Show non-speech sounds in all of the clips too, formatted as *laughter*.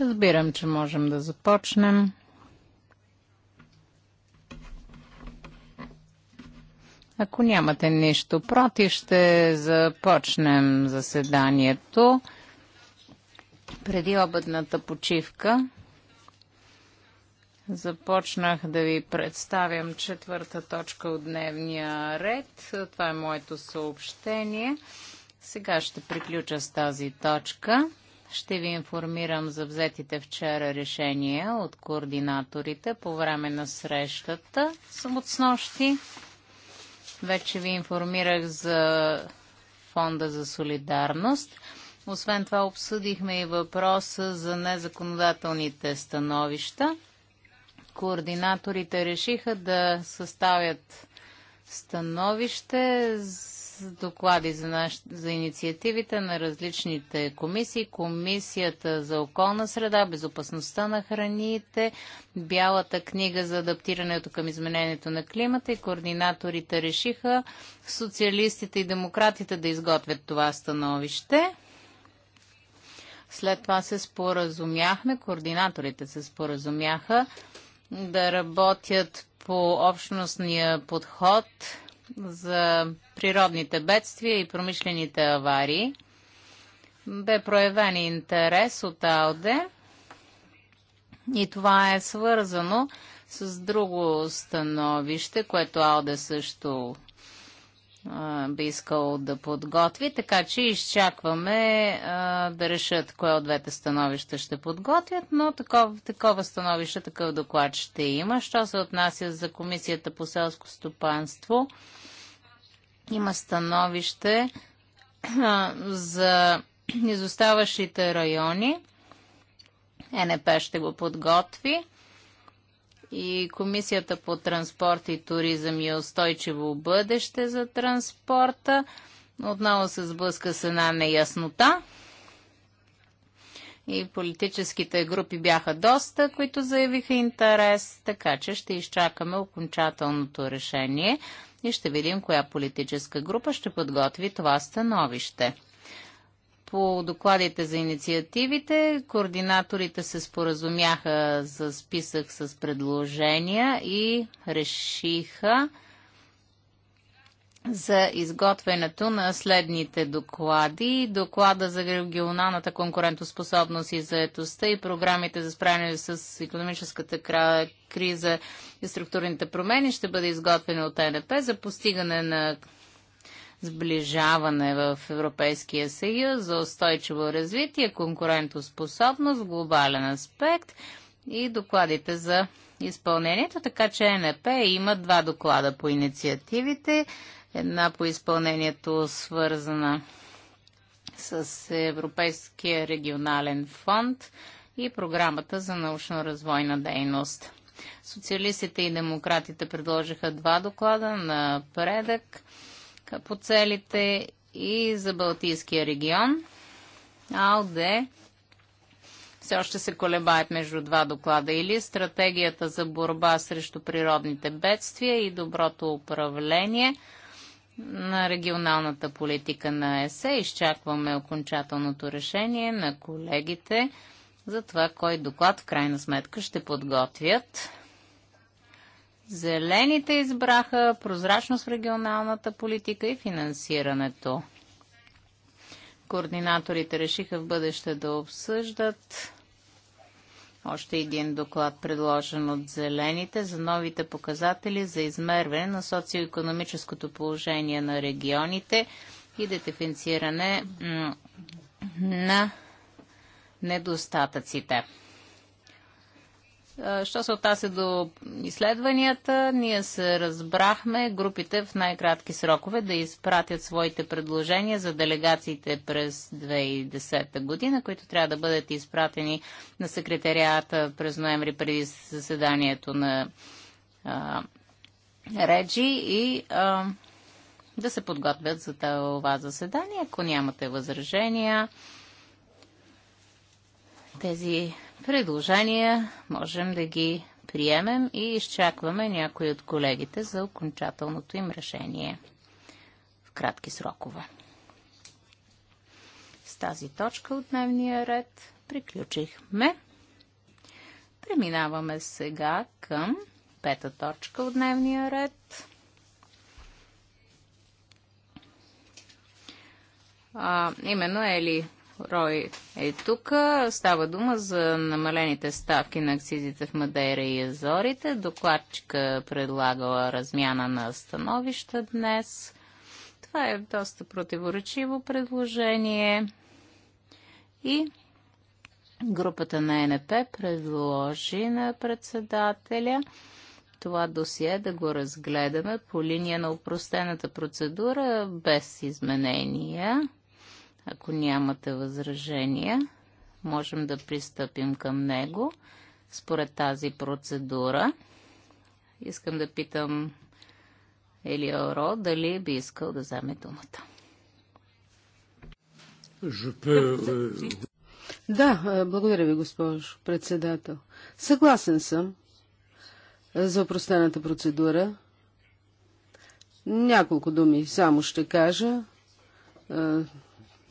Разбирам, че можем да започнем. Ако нямате нищо против, ще започнем заседанието преди обедната почивка. Започнах да ви представям четвърта точка от дневния ред. Това е моето съобщение. Сега ще приключа с тази точка. Ще ви информирам за взетите вчера решения от координаторите по време на срещата от снощи. Вече ви информирах за Фонда за солидарност. Освен това обсъдихме и въпроса за незаконодателните становища. Координаторите решиха да съставят становище за доклади за, наш, за инициативите на различните комисии. Комисията за околна среда, безопасността на храните, Бялата книга за адаптирането към изменението на климата и координаторите решиха социалистите и демократите да изготвят това становище. След това се споразумяхме, координаторите се споразумяха да работят по общностния подход – за природните бедствия и промишлените аварии. Бе проявен интерес от АЛДЕ и това е свързано с друго становище, което АЛДЕ също а, би искал да подготви, така че изчакваме а, да решат кое от двете становища ще подготвят, но такова, такова становище, такъв доклад ще има. Що се отнася за Комисията по селско стопанство, има становище за изоставащите райони. НП ще го подготви. И Комисията по транспорт и туризъм и устойчиво бъдеще за транспорта отново се сблъска с една неяснота. И политическите групи бяха доста, които заявиха интерес, така че ще изчакаме окончателното решение и ще видим коя политическа група ще подготви това становище. По докладите за инициативите, координаторите се споразумяха за списък с предложения и решиха за изготвянето на следните доклади. Доклада за регионалната конкурентоспособност и заетостта и програмите за справяне с економическата криза и структурните промени ще бъде изготвени от НП за постигане на сближаване в Европейския съюз за устойчиво развитие, конкурентоспособност, глобален аспект и докладите за изпълнението, така че НП има два доклада по инициативите една по изпълнението свързана с Европейския регионален фонд и програмата за научно-развойна дейност. Социалистите и демократите предложиха два доклада на предък по целите и за Балтийския регион. АЛДЕ все още се колебаят между два доклада или стратегията за борба срещу природните бедствия и доброто управление – на регионалната политика на ЕСЕ. Изчакваме окончателното решение на колегите за това, кой доклад в крайна сметка ще подготвят. Зелените избраха прозрачност в регионалната политика и финансирането. Координаторите решиха в бъдеще да обсъждат още един доклад, предложен от Зелените, за новите показатели за измерване на социоекономическото положение на регионите и идентифициране на недостатъците. Що се отнася до изследванията, ние се разбрахме групите в най-кратки срокове да изпратят своите предложения за делегациите през 2010 година, които трябва да бъдат изпратени на секретарията през ноември преди заседанието на а, Реджи и а, да се подготвят за това заседание. Ако нямате възражения, тези предложения можем да ги приемем и изчакваме някои от колегите за окончателното им решение в кратки срокове. С тази точка от дневния ред приключихме. Преминаваме сега към пета точка от дневния ред. А, именно Ели Рой е тук. Става дума за намалените ставки на акцизите в Мадейра и Азорите. Докладчика предлагала размяна на становища днес. Това е доста противоречиво предложение. И групата на НП предложи на председателя това досие да го разгледаме по линия на упростената процедура без изменения. Ако нямате възражения, можем да пристъпим към него според тази процедура. Искам да питам Елиоро дали би искал да вземе думата. Да, euh, благодаря ви, госпожо председател. Съгласен съм за опростената процедура. Няколко думи само ще кажа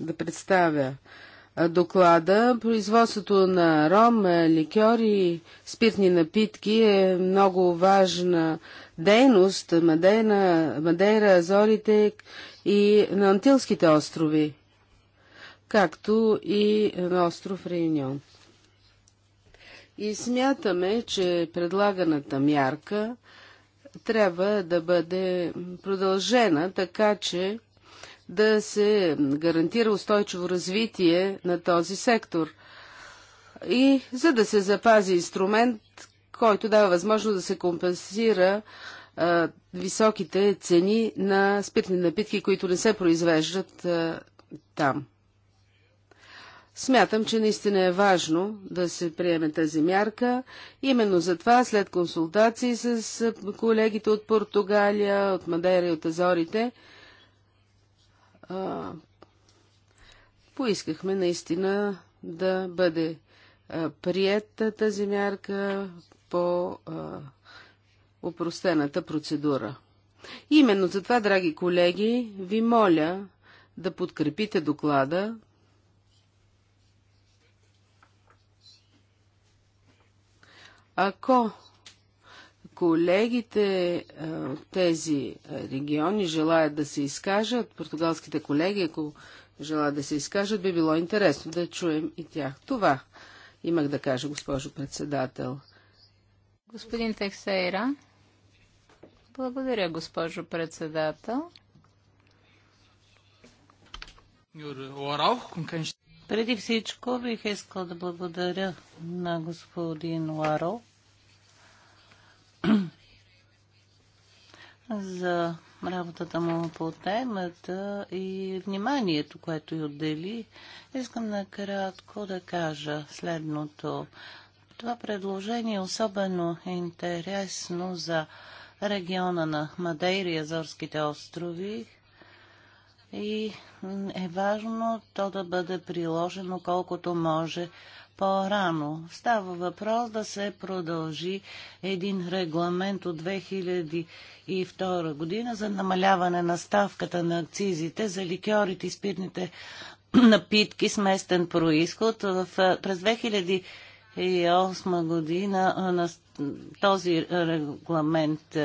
да представя доклада. Производството на ром, е, ликьор и спиртни напитки е много важна дейност Мадейна, Мадейра, Азорите и на Антилските острови, както и на остров Реюнион. И смятаме, че предлаганата мярка трябва да бъде продължена, така че да се гарантира устойчиво развитие на този сектор и за да се запази инструмент, който дава възможност да се компенсира а, високите цени на спиртни напитки, които не се произвеждат а, там. Смятам, че наистина е важно да се приеме тази мярка. Именно затова, след консултации с колегите от Португалия, от Мадера и от Азорите, а, поискахме наистина да бъде а, приета тази мярка по а, упростената процедура. Именно за това, драги колеги, ви моля да подкрепите доклада. Ако колегите от тези региони желаят да се изкажат, португалските колеги, ако желаят да се изкажат, би било интересно да чуем и тях. Това имах да кажа, госпожо председател. Господин Тексейра. Благодаря, госпожо председател. Преди всичко бих искал да благодаря на господин Ларов *clears throat* за работата му по темата и вниманието, което й отдели, искам накратко да кажа следното. Това предложение е особено интересно за региона на Мадейра и Азорските острови и е важно то да бъде приложено колкото може по-рано. Става въпрос да се продължи един регламент от 2002 година за намаляване на ставката на акцизите за ликьорите и спирните *clears throat* напитки с местен происход. През 2008 година на този регламент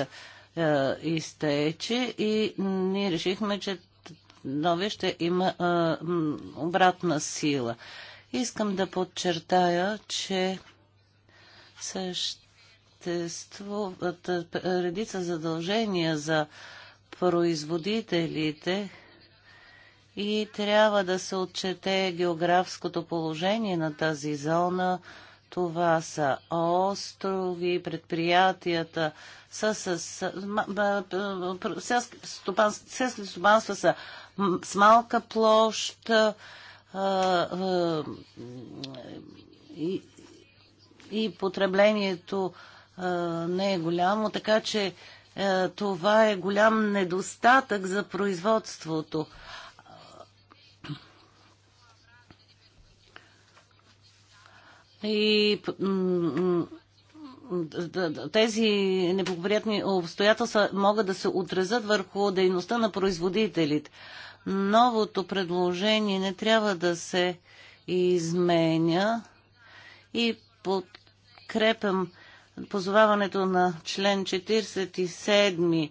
изтече и ние решихме, че новия ще има обратна сила. Искам да подчертая, че съществуват редица задължения за производителите и трябва да се отчете географското положение на тази зона. Това са острови, предприятията, сестни с, стопанства са с малка площ, и, и потреблението не е голямо, така че това е голям недостатък за производството. И тези неблагоприятни обстоятелства могат да се отрезат върху дейността на производителите новото предложение не трябва да се изменя и подкрепям позоваването на член 47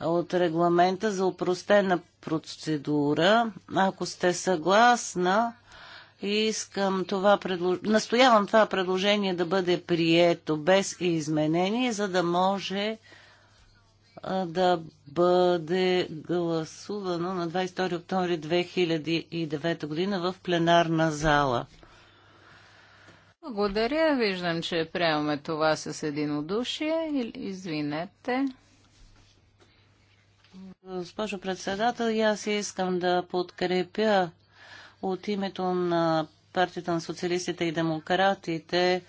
от регламента за упростена процедура. Ако сте съгласна, искам това предлож... настоявам това предложение да бъде прието без изменение, за да може да бъде гласувано на 22 октомври 2009 година в пленарна зала. Благодаря. Виждам, че приемаме това с единодушие. Извинете. Госпожо председател, аз искам да подкрепя от името на партията на социалистите и демократите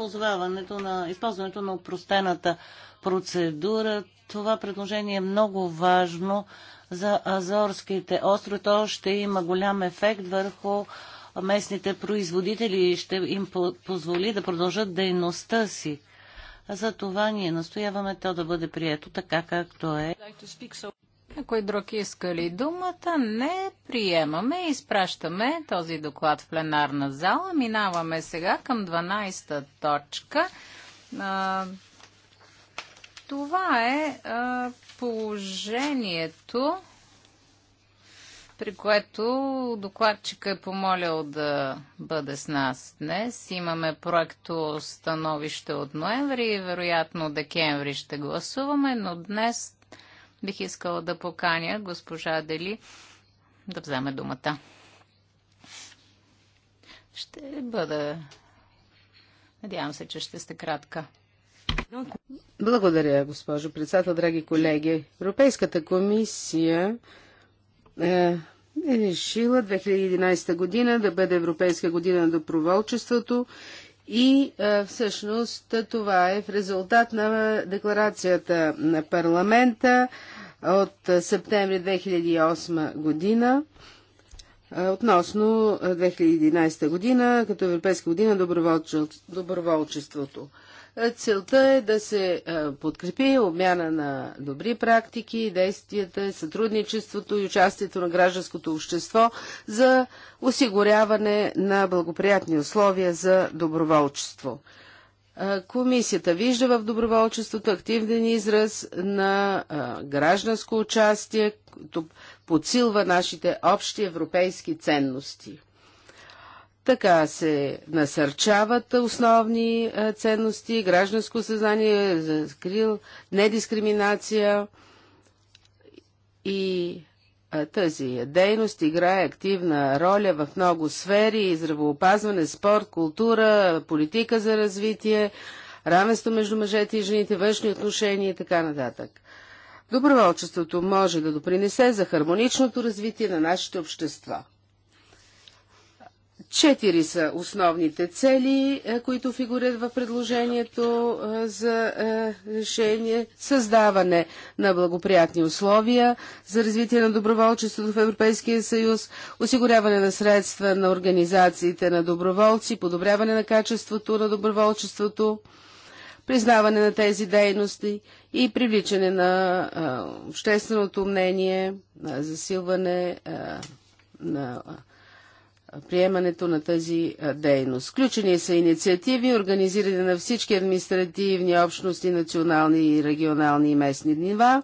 позоваването на използването на упростената процедура. Това предложение е много важно за Азорските острови. То ще има голям ефект върху местните производители и ще им позволи да продължат дейността си. За това ние настояваме то да бъде прието така, както е. Някой друг иска ли думата? Не приемаме. и Изпращаме този доклад в пленарна зала. Минаваме сега към 12-та точка. това е положението, при което докладчика е помолял да бъде с нас днес. Имаме проекто становище от ноември и вероятно декември ще гласуваме, но днес Бих искала да поканя госпожа Дели да вземе думата. Ще бъда. Надявам се, че ще сте кратка. Благодаря, госпожо председател, драги колеги. Европейската комисия е, е решила 2011 година да бъде Европейска година на доброволчеството и е, всъщност това е в резултат на декларацията на парламента от септември 2008 година е, относно 2011 е, година като Европейска година доброволчеството. Целта е да се подкрепи обмяна на добри практики, действията, сътрудничеството и участието на гражданското общество за осигуряване на благоприятни условия за доброволчество. Комисията вижда в доброволчеството активен израз на гражданско участие, подсилва нашите общи европейски ценности. Така се насърчават основни ценности, гражданско съзнание, закрил, недискриминация и тази дейност играе активна роля в много сфери здравоопазване, спорт, култура, политика за развитие, равенство между мъжете и жените, външни отношения и така нататък. Доброволчеството може да допринесе за хармоничното развитие на нашите общества. Четири са основните цели, е, които фигурят в предложението е, за е, решение. Създаване на благоприятни условия за развитие на доброволчеството в Европейския съюз, осигуряване на средства на организациите на доброволци, подобряване на качеството на доброволчеството, признаване на тези дейности и привличане на общественото мнение, на засилване на приемането на тази дейност. Включени са инициативи, организирани на всички административни общности, национални, и регионални и местни нива.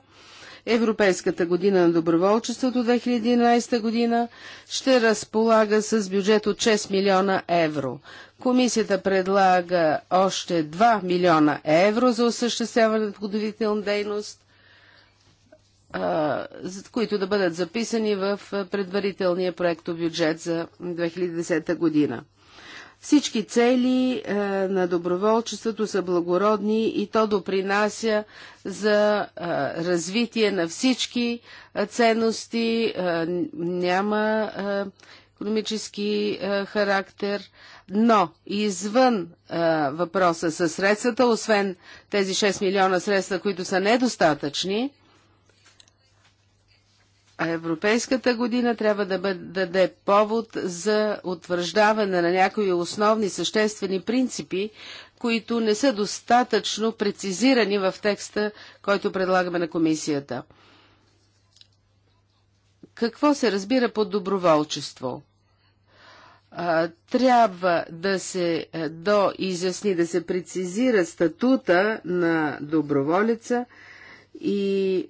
Европейската година на доброволчеството 2011 година ще разполага с бюджет от 6 милиона евро. Комисията предлага още 2 милиона евро за осъществяване на подготовителна дейност които да бъдат записани в предварителния проекто бюджет за 2010 година. Всички цели на доброволчеството са благородни и то допринася за развитие на всички ценности, няма економически характер, но извън въпроса със средствата, освен тези 6 милиона средства, които са недостатъчни, а Европейската година трябва да бъде, да даде повод за утвърждаване на някои основни съществени принципи, които не са достатъчно прецизирани в текста, който предлагаме на комисията. Какво се разбира под доброволчество? трябва да се е, доизясни, да се прецизира статута на доброволеца и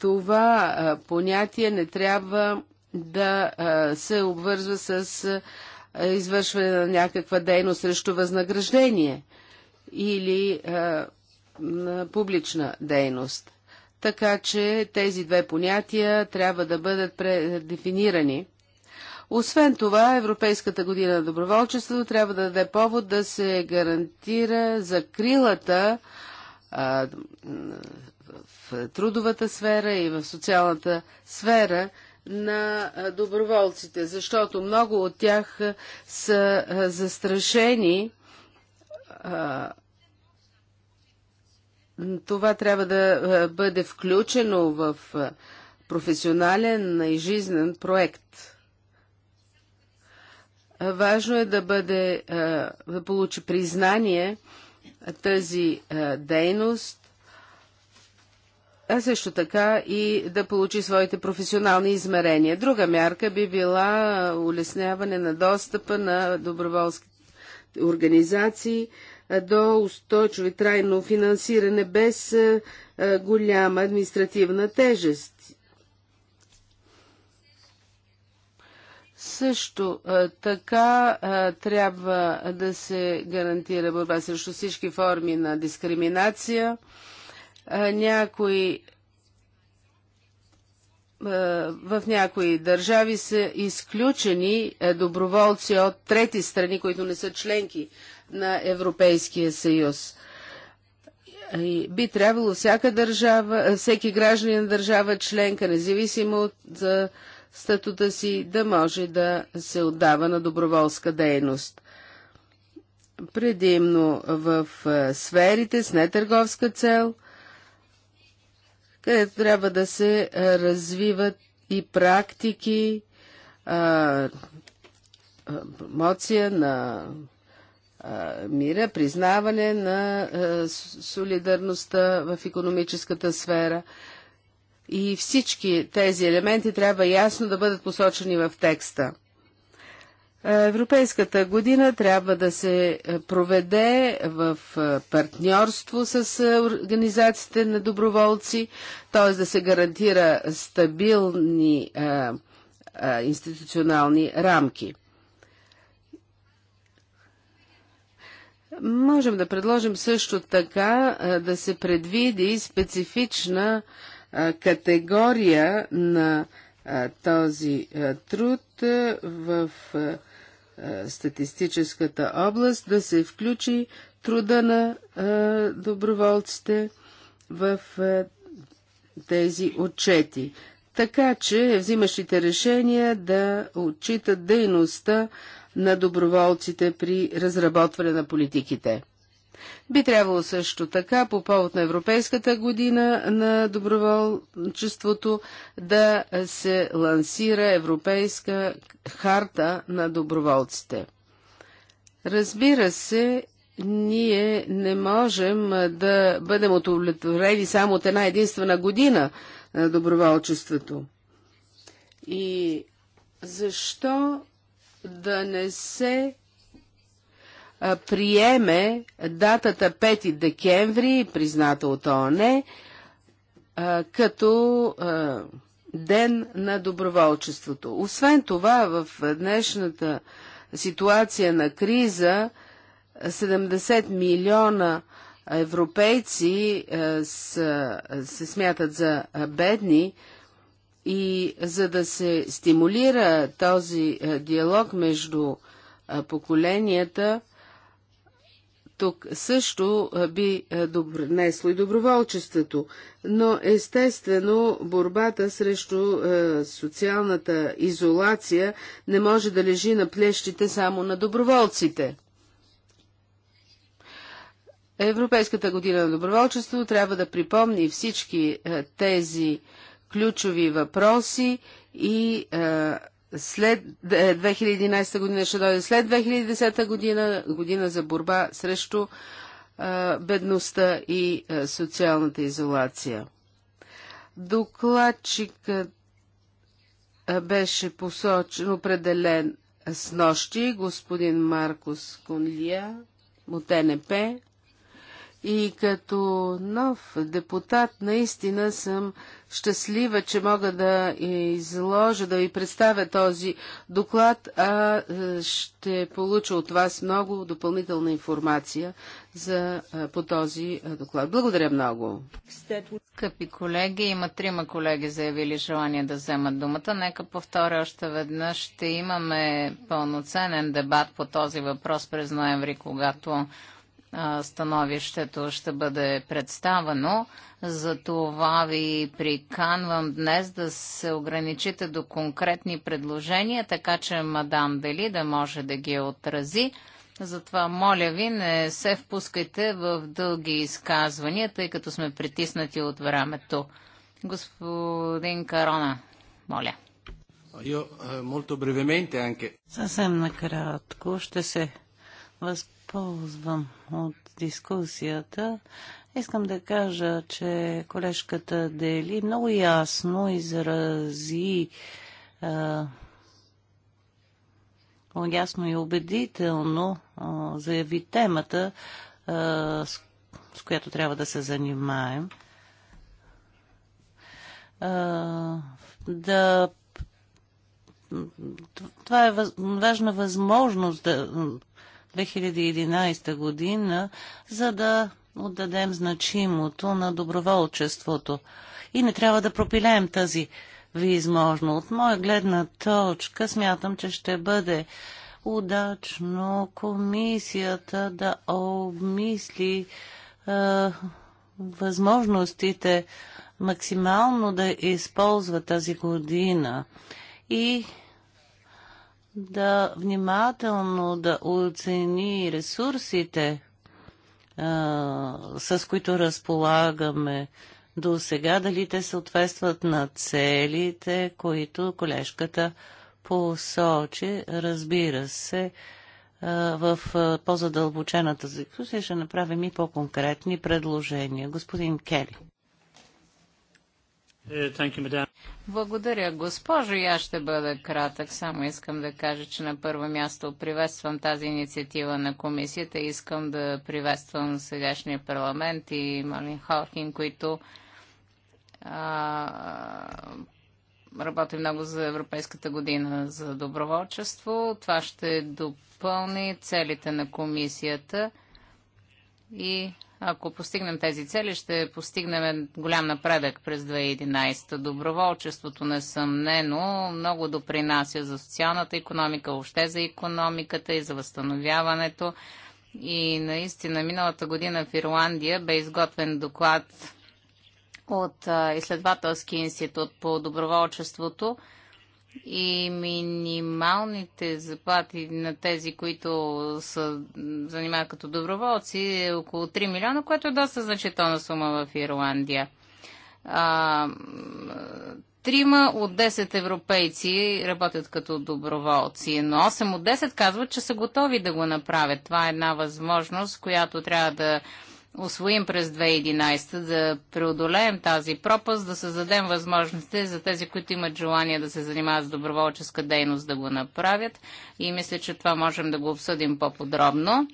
това понятие не трябва да се обвързва с извършване на някаква дейност срещу възнаграждение или на публична дейност. Така че тези две понятия трябва да бъдат предефинирани. Освен това, Европейската година на доброволчеството трябва да даде повод да се гарантира закрилата а, трудовата сфера и в социалната сфера на доброволците, защото много от тях са застрашени. Това трябва да бъде включено в професионален и жизнен проект. Важно е да бъде, да получи признание тази дейност а също така и да получи своите професионални измерения. Друга мярка би била улесняване на достъпа на доброволски организации до устойчиво и трайно финансиране без голяма административна тежест. Също така трябва да се гарантира борба срещу всички форми на дискриминация. Някои в някои държави са изключени е, доброволци от трети страни, които не са членки на Европейския съюз. И би трябвало всяка държава, е, всеки гражданин държава членка, независимо от е, статута си, да може да се отдава на доброволска дейност. Предимно в сферите с нетърговска цел – където трябва да се развиват и практики, а, емоция на а, мира, признаване на а, солидарността в економическата сфера. И всички тези елементи трябва ясно да бъдат посочени в текста. Европейската година трябва да се проведе в партньорство с организациите на доброволци, т.е. да се гарантира стабилни а, а, институционални рамки. Можем да предложим също така а, да се предвиди специфична а, категория на а, този труд в статистическата област, да се включи труда на доброволците в тези отчети. Така че взимащите решения да отчитат дейността на доброволците при разработване на политиките. Би трябвало също така по повод на Европейската година на доброволчеството да се лансира Европейска харта на доброволците. Разбира се, ние не можем да бъдем удовлетворени само от една единствена година на доброволчеството. И защо да не се приеме датата 5 декември, призната от ООН, като ден на доброволчеството. Освен това, в днешната ситуация на криза, 70 милиона европейци са, се смятат за бедни и за да се стимулира този диалог между поколенията, тук също би донесло и доброволчеството, но естествено борбата срещу социалната изолация не може да лежи на плещите само на доброволците. Европейската година на доброволчество трябва да припомни всички тези ключови въпроси и след 2011 е, година ще дойде след 2010 година, година за борба срещу а, е, бедността и а, е, социалната изолация. Докладчикът беше посочен, определен с нощи, господин Маркус Конлия от НП. И като нов депутат наистина съм щастлива, че мога да изложа, да ви представя този доклад, а е, ще получа от вас много допълнителна информация за, е, по този е, доклад. Благодаря много. Скъпи колеги, има трима колеги заявили желание да вземат думата. Нека повторя още веднъж. Ще имаме пълноценен дебат по този въпрос през ноември, когато становището ще бъде представено. За това ви приканвам днес да се ограничите до конкретни предложения, така че мадам Дели да може да ги отрази. Затова, моля ви, не се впускайте в дълги изказвания, тъй като сме притиснати от времето. Господин Карона, моля. Е, Съвсем накратко ще се възп възползвам от дискусията. Искам да кажа, че колежката Дели много ясно изрази а, ясно и убедително а, заяви темата, а, с, с която трябва да се занимаем. А, да това е важна възможност да 2011 година, за да отдадем значимото на доброволчеството. И не трябва да пропилеем тази възможно. От моя гледна точка смятам, че ще бъде удачно комисията да обмисли е, възможностите максимално да използва тази година и да внимателно да оцени ресурсите, а, с които разполагаме до сега, дали те съответстват на целите, които колежката посочи. Разбира се, а, в по-задълбочената дискусия ще направим и по-конкретни предложения. Господин Кели. Uh, Благодаря, госпожо. И аз ще бъда кратък. Само искам да кажа, че на първо място приветствам тази инициатива на комисията. Искам да приветствам сегашния парламент и Малин Халкин, които а, работи много за Европейската година за доброволчество. Това ще допълни целите на комисията и ако постигнем тези цели, ще постигнем голям напредък през 2011. Доброволчеството, несъмнено, много допринася за социалната економика, въобще за економиката и за възстановяването. И наистина, миналата година в Ирландия бе изготвен доклад от изследвателски институт по доброволчеството и минималните заплати на тези, които са занимават като доброволци е около 3 милиона, което е доста значителна сума в Ирландия. А, трима от 10 европейци работят като доброволци, но 8 от 10 казват, че са готови да го направят. Това е една възможност, която трябва да освоим през 2011, да преодолеем тази пропаст, да създадем възможности за тези, които имат желание да се занимават с доброволческа дейност, да го направят. И мисля, че това можем да го обсъдим по-подробно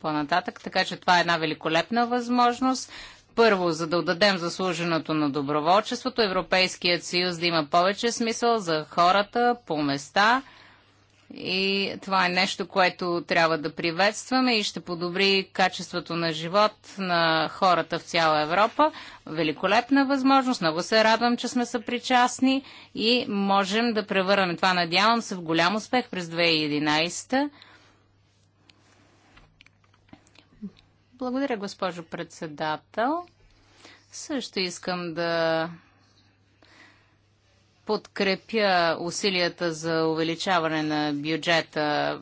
по-нататък. Така че това е една великолепна възможност. Първо, за да отдадем заслуженото на доброволчеството, Европейският съюз да има повече смисъл за хората по места – и това е нещо, което трябва да приветстваме и ще подобри качеството на живот на хората в цяла Европа. Великолепна възможност. Много се радвам, че сме съпричастни и можем да превърнем това, надявам се, в голям успех през 2011. Благодаря, госпожо председател. Също искам да подкрепя усилията за увеличаване на бюджета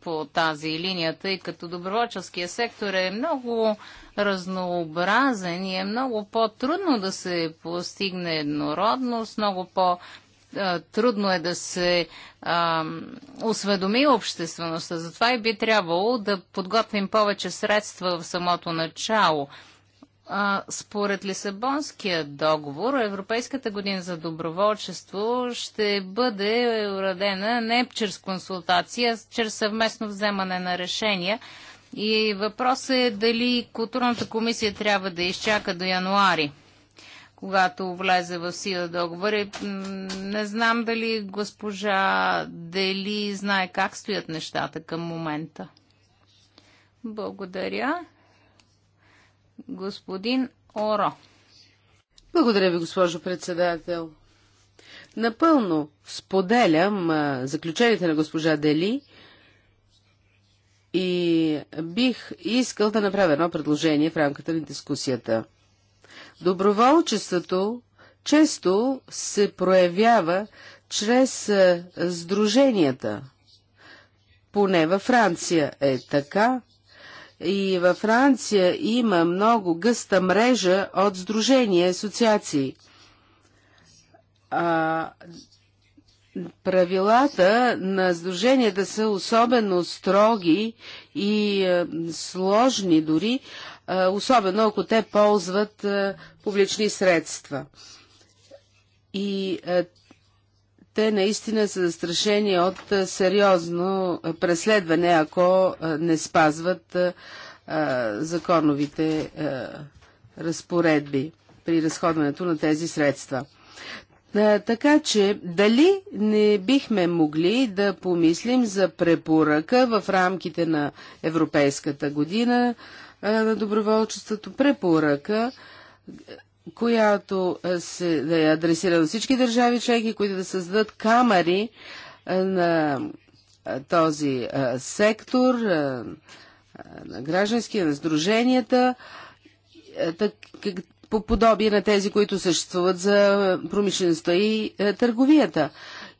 по тази линия, тъй като доброволческия сектор е много разнообразен и е много по-трудно да се постигне еднородност, много по- трудно е да се а, осведоми обществеността. Затова и би трябвало да подготвим повече средства в самото начало. Според Лисабонския договор, Европейската година за доброволчество ще бъде уредена не чрез консултация, а чрез съвместно вземане на решения. И въпросът е дали културната комисия трябва да изчака до януари, когато влезе в сила договор. И, не знам дали госпожа Дели знае как стоят нещата към момента. Благодаря. Господин Оро. Благодаря ви, госпожо председател. Напълно споделям заключенията на госпожа Дели и бих искал да направя едно предложение в рамката на дискусията. Доброволчеството често се проявява чрез сдруженията. Поне във Франция е така. И във Франция има много гъста мрежа от сдружения и асоциации. А, правилата на сдруженията са особено строги и а, сложни дори, а, особено ако те ползват а, публични средства. И те наистина са застрашени от сериозно преследване, ако не спазват законовите разпоредби при разходването на тези средства. Така че, дали не бихме могли да помислим за препоръка в рамките на Европейската година на доброволчеството, препоръка която е, се, да е адресира на всички държави членки, които да създадат камери е, на е, този сектор, на гражданския, на сдруженията, по подобие на тези, които съществуват за промишлеността и търговията.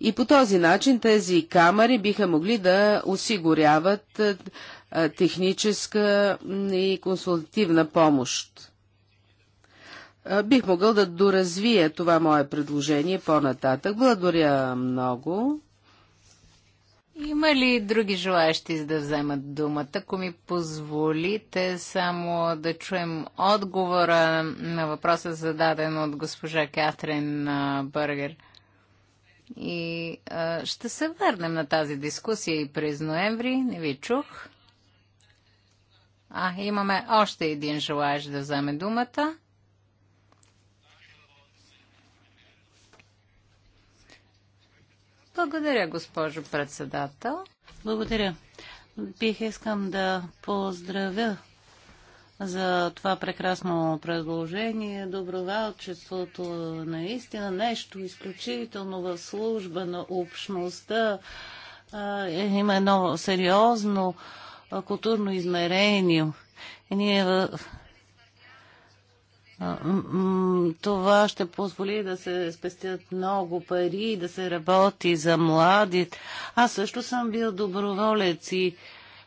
И по този начин тези камери биха могли да осигуряват техническа и консултативна помощ бих могъл да доразвия това мое предложение по-нататък. Благодаря много. Има ли други желаящи да вземат думата? Ако ми позволите само да чуем отговора на въпроса зададен от госпожа Катрин Бъргер. И а, ще се върнем на тази дискусия и през ноември. Не ви чух. А, имаме още един желаящ да вземе думата. Благодаря, госпожо председател. Благодаря. Бих искам да поздравя за това прекрасно предложение. Доброволчеството наистина нещо изключително в служба на общността. Е, има едно сериозно културно измерение. И ние това ще позволи да се спестят много пари и да се работи за млади. Аз също съм бил доброволец и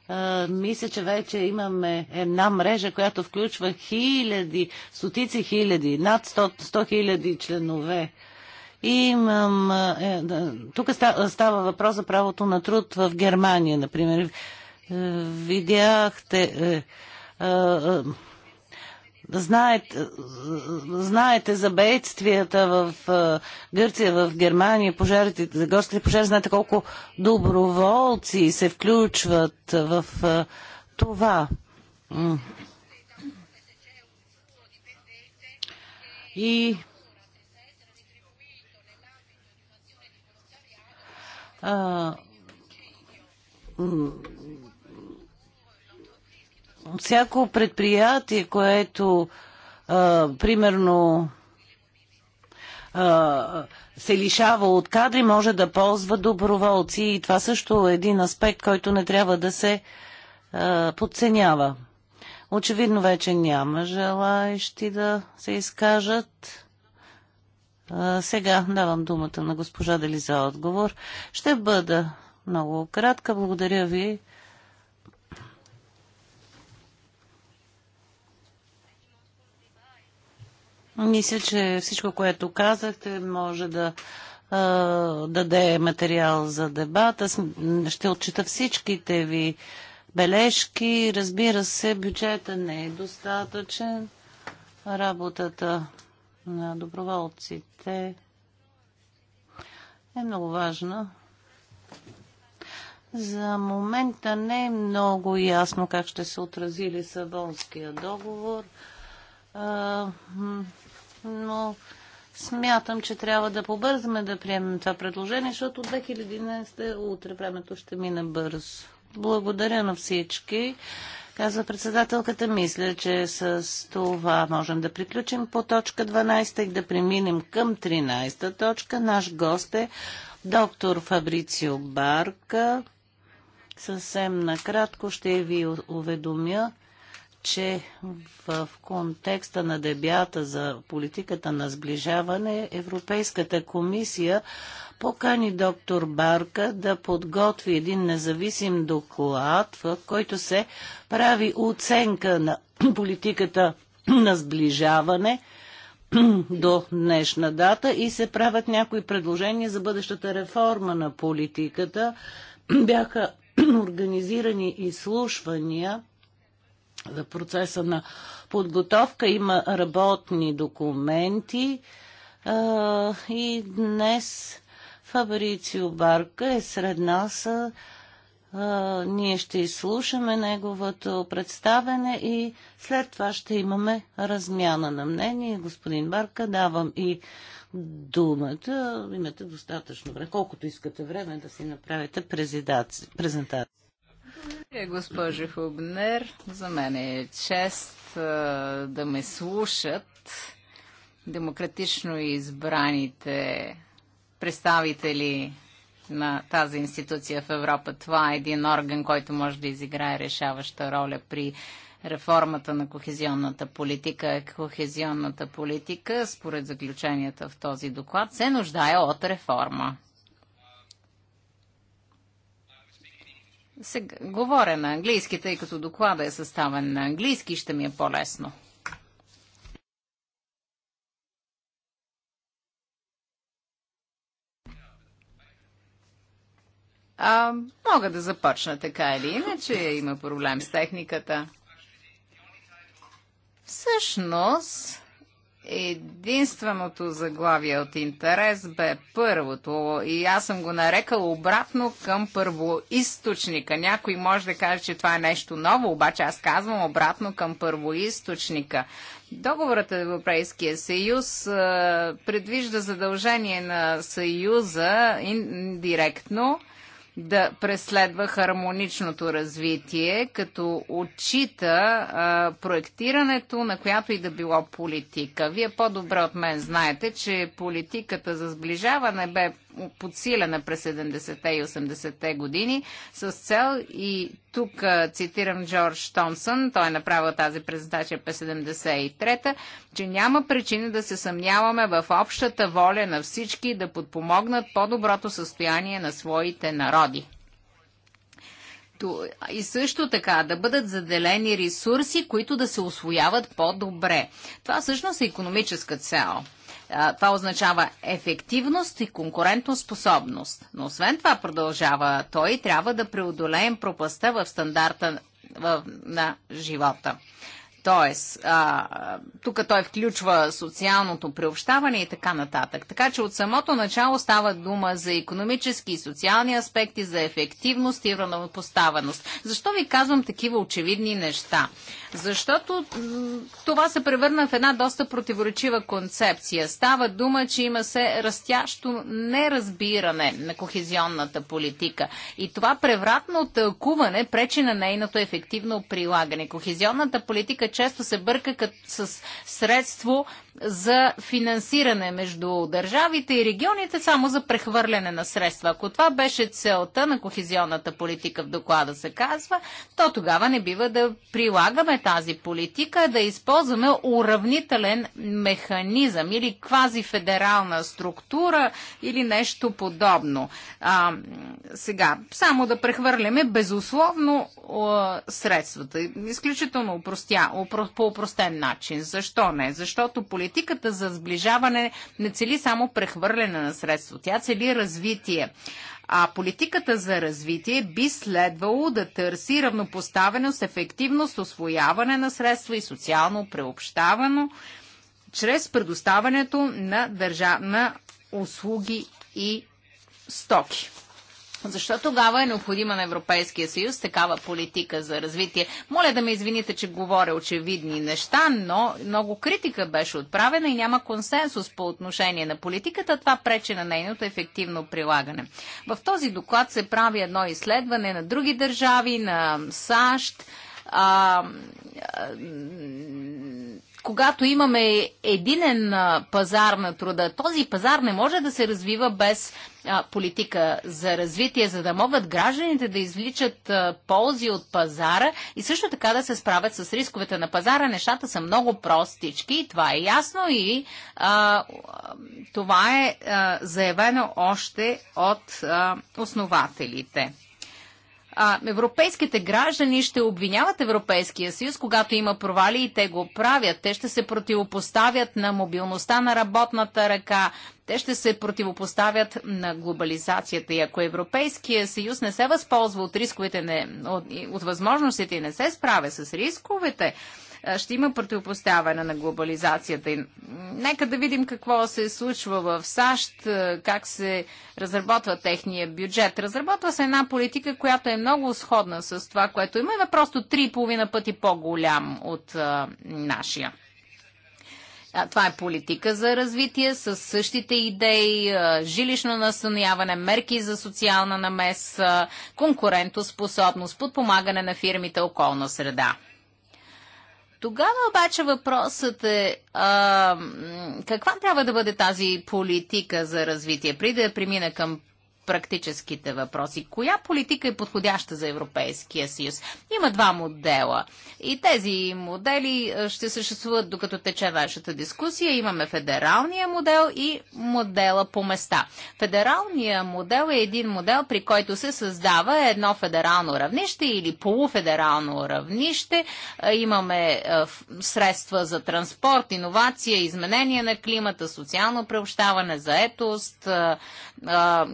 а, мисля, че вече имаме една мрежа, която включва хиляди, стотици хиляди, над 100, 100 хиляди членове. И имам... Е, да, тук става, въпрос за правото на труд в Германия, например. Е, видяхте... Е, е, Знаете, знаете за бедствията в Гърция, в Германия, пожарите, за горските пожари, знаете колко доброволци се включват в това. И а, всяко предприятие, което а, примерно а, се лишава от кадри, може да ползва доброволци и това също е един аспект, който не трябва да се а, подценява. Очевидно вече няма желаещи да се изкажат. А, сега давам думата на госпожа Дали за отговор. Ще бъда много кратка. Благодаря ви Мисля, че всичко, което казахте, може да даде материал за дебата. ще отчита всичките ви бележки. Разбира се, бюджета не е достатъчен. Работата на доброволците е много важна. За момента не е много ясно как ще се отрази Лисабонския договор но смятам, че трябва да побързаме да приемем това предложение, защото 2011 утре времето ще мине бързо. Благодаря на всички. Казва председателката, мисля, че с това можем да приключим по точка 12 и да преминем към 13 точка. Наш гост е доктор Фабрицио Барка. Съвсем накратко ще ви уведомя че в контекста на дебята за политиката на сближаване Европейската комисия покани доктор Барка да подготви един независим доклад, в който се прави оценка на *clears throat* политиката *clears throat* на сближаване *clears throat* до днешна дата и се правят някои предложения за бъдещата реформа на политиката. Бяха организирани изслушвания за процеса на подготовка. Има работни документи а, и днес Фабрицио Барка е сред нас. А, а, ние ще изслушаме неговото представене и след това ще имаме размяна на мнение. Господин Барка, давам и думата. Имате достатъчно време, колкото искате време да си направите презентация. Благодаря, госпожо Хубнер. За мен е чест а, да ме слушат демократично избраните представители на тази институция в Европа. Това е един орган, който може да изиграе решаваща роля при реформата на кохезионната политика. Кохезионната политика, според заключенията в този доклад, се нуждае от реформа. Сега, говоря на английски, тъй като доклада е съставен на английски, ще ми е по-лесно. А, мога да започна така или иначе. Има проблем с техниката. Всъщност, Единственото заглавие от интерес бе първото и аз съм го нарекал обратно към първоисточника. Някой може да каже, че това е нещо ново, обаче аз казвам обратно към първоисточника. Договорът на Европейския съюз предвижда задължение на съюза индиректно да преследва хармоничното развитие, като отчита а, проектирането на която и да било политика. Вие по-добре от мен знаете, че политиката за сближаване бе подсилена през 70-те и 80-те години с цел и тук цитирам Джордж Томсън, той е направил тази презентация през 73-та, че няма причина да се съмняваме в общата воля на всички да подпомогнат по-доброто състояние на своите народи. И също така да бъдат заделени ресурси, които да се освояват по-добре. Това всъщност е економическа цел. Това означава ефективност и конкурентоспособност. Но освен това продължава той, трябва да преодолеем пропаста в стандарта на живота. Тоест, а, тук той включва социалното приобщаване и така нататък. Така че от самото начало става дума за економически и социални аспекти, за ефективност и равнопоставеност. Защо ви казвам такива очевидни неща? Защото това се превърна в една доста противоречива концепция. Става дума, че има се растящо неразбиране на кохезионната политика. И това превратно тълкуване пречи на нейното ефективно прилагане. Кохезионната политика често се бърка като с средство за финансиране между държавите и регионите само за прехвърляне на средства. Ако това беше целта на кохезионната политика в доклада се казва, то тогава не бива да прилагаме тази политика, да използваме уравнителен механизъм или квазифедерална структура или нещо подобно. А, сега, само да прехвърляме безусловно средствата. Изключително упростя, по упростен начин. Защо не? Защото политиката за сближаване не цели само прехвърляне на средство, тя цели развитие. А политиката за развитие би следвало да търси равнопоставеност, ефективност, освояване на средства и социално преобщаване чрез предоставянето на, държавна на услуги и стоки. Защо тогава е необходима на Европейския съюз такава политика за развитие? Моля да ме извините, че говоря очевидни неща, но много критика беше отправена и няма консенсус по отношение на политиката. Това пречи на нейното ефективно прилагане. В този доклад се прави едно изследване на други държави, на САЩ. А, а, когато имаме единен пазар на труда, този пазар не може да се развива без политика за развитие, за да могат гражданите да извличат ползи от пазара и също така да се справят с рисковете на пазара. Нещата са много простички, това е ясно и а, това е а, заявено още от а, основателите а, европейските граждани ще обвиняват Европейския съюз, когато има провали и те го правят. Те ще се противопоставят на мобилността на работната ръка, те ще се противопоставят на глобализацията. И ако Европейския съюз не се възползва от рисковете, не, от, от възможностите и не се справя с рисковете, е, ще има противопоставяне на глобализацията. Нека да видим какво се случва в САЩ, е, как се разработва техния бюджет. Разработва се една политика, която е много сходна с това, което имаме, просто три половина пъти по-голям от е, а, нашия. Това е политика за развитие с същите идеи, жилищно настаняване, мерки за социална намес, конкурентоспособност, подпомагане на фирмите, околна среда. Тогава обаче въпросът е а, каква трябва да бъде тази политика за развитие. При да премина към практическите въпроси. Коя политика е подходяща за Европейския съюз? Има два модела. И тези модели е, ще съществуват докато тече вашата дискусия. Имаме федералния модел и модела по места. Федералния модел е един модел, при който се създава едно федерално равнище или полуфедерално равнище. Е, имаме е, средства за транспорт, иновация, изменение на климата, социално преобщаване, заетост,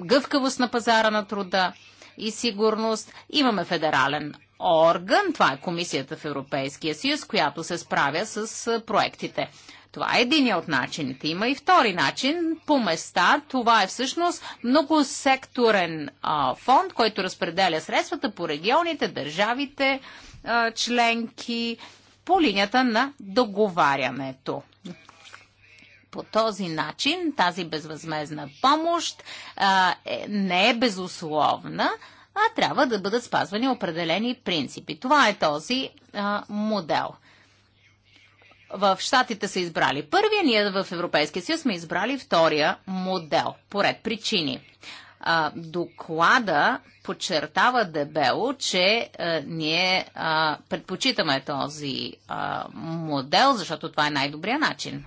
гъвкаво справедливост на пазара на труда и сигурност. Имаме федерален орган, това е Комисията в Европейския съюз, която се справя с проектите. Това е един от начините. Има и втори начин по места. Това е всъщност многосекторен а, фонд, който разпределя средствата по регионите, държавите, а, членки по линията на договарянето. По този начин тази безвъзмезна помощ а, е, не е безусловна, а трябва да бъдат спазвани определени принципи. Това е този а, модел. В Штатите са избрали първия, ние в Европейския съюз сме избрали втория модел, поред причини. А, доклада подчертава дебело, че а, ние а, предпочитаме този а, модел, защото това е най-добрият начин.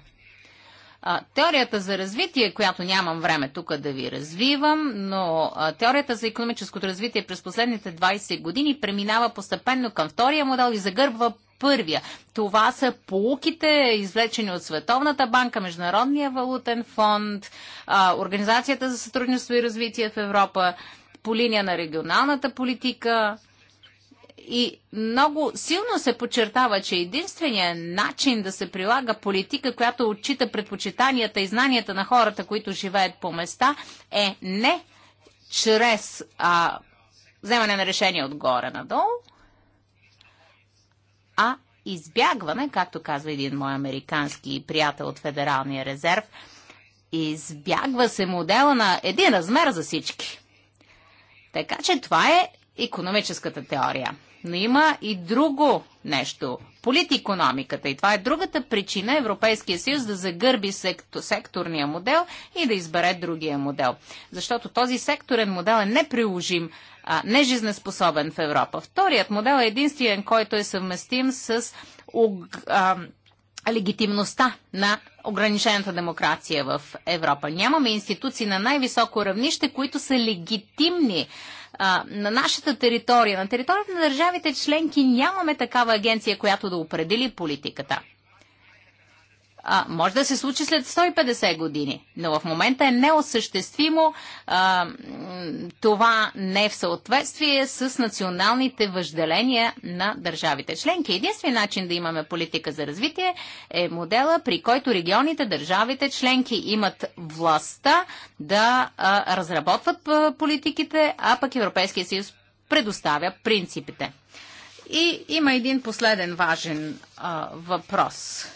А, теорията за развитие, която нямам време тук да ви развивам, но а, теорията за економическото развитие през последните 20 години преминава постепенно към втория модел и загърбва първия. Това са полуките, извлечени от Световната банка, Международния валутен фонд, а, Организацията за сътрудничество и развитие в Европа, по линия на регионалната политика, и много силно се подчертава, че единственият начин да се прилага политика, която отчита предпочитанията и знанията на хората, които живеят по места, е не чрез а, вземане на решение отгоре надолу, а избягване, както казва един мой американски приятел от Федералния резерв, избягва се модела на един размер за всички. Така че това е економическата теория. Но има и друго нещо. Политикономиката. И това е другата причина Европейския съюз да загърби секто, секторния модел и да избере другия модел. Защото този секторен модел е неприложим, а, нежизнеспособен в Европа. Вторият модел е единствен, който е съвместим с а, легитимността на ограничената демокрация в Европа. Нямаме институции на най-високо равнище, които са легитимни а, на нашата територия, на територията на държавите членки нямаме такава агенция, която да определи политиката а, може да се случи след 150 години, но в момента е неосъществимо а, това не е в съответствие с националните въжделения на държавите членки. Единствен начин да имаме политика за развитие е модела, при който регионите, държавите членки имат властта да а, разработват политиките, а пък Европейския съюз предоставя принципите. И има един последен важен а, въпрос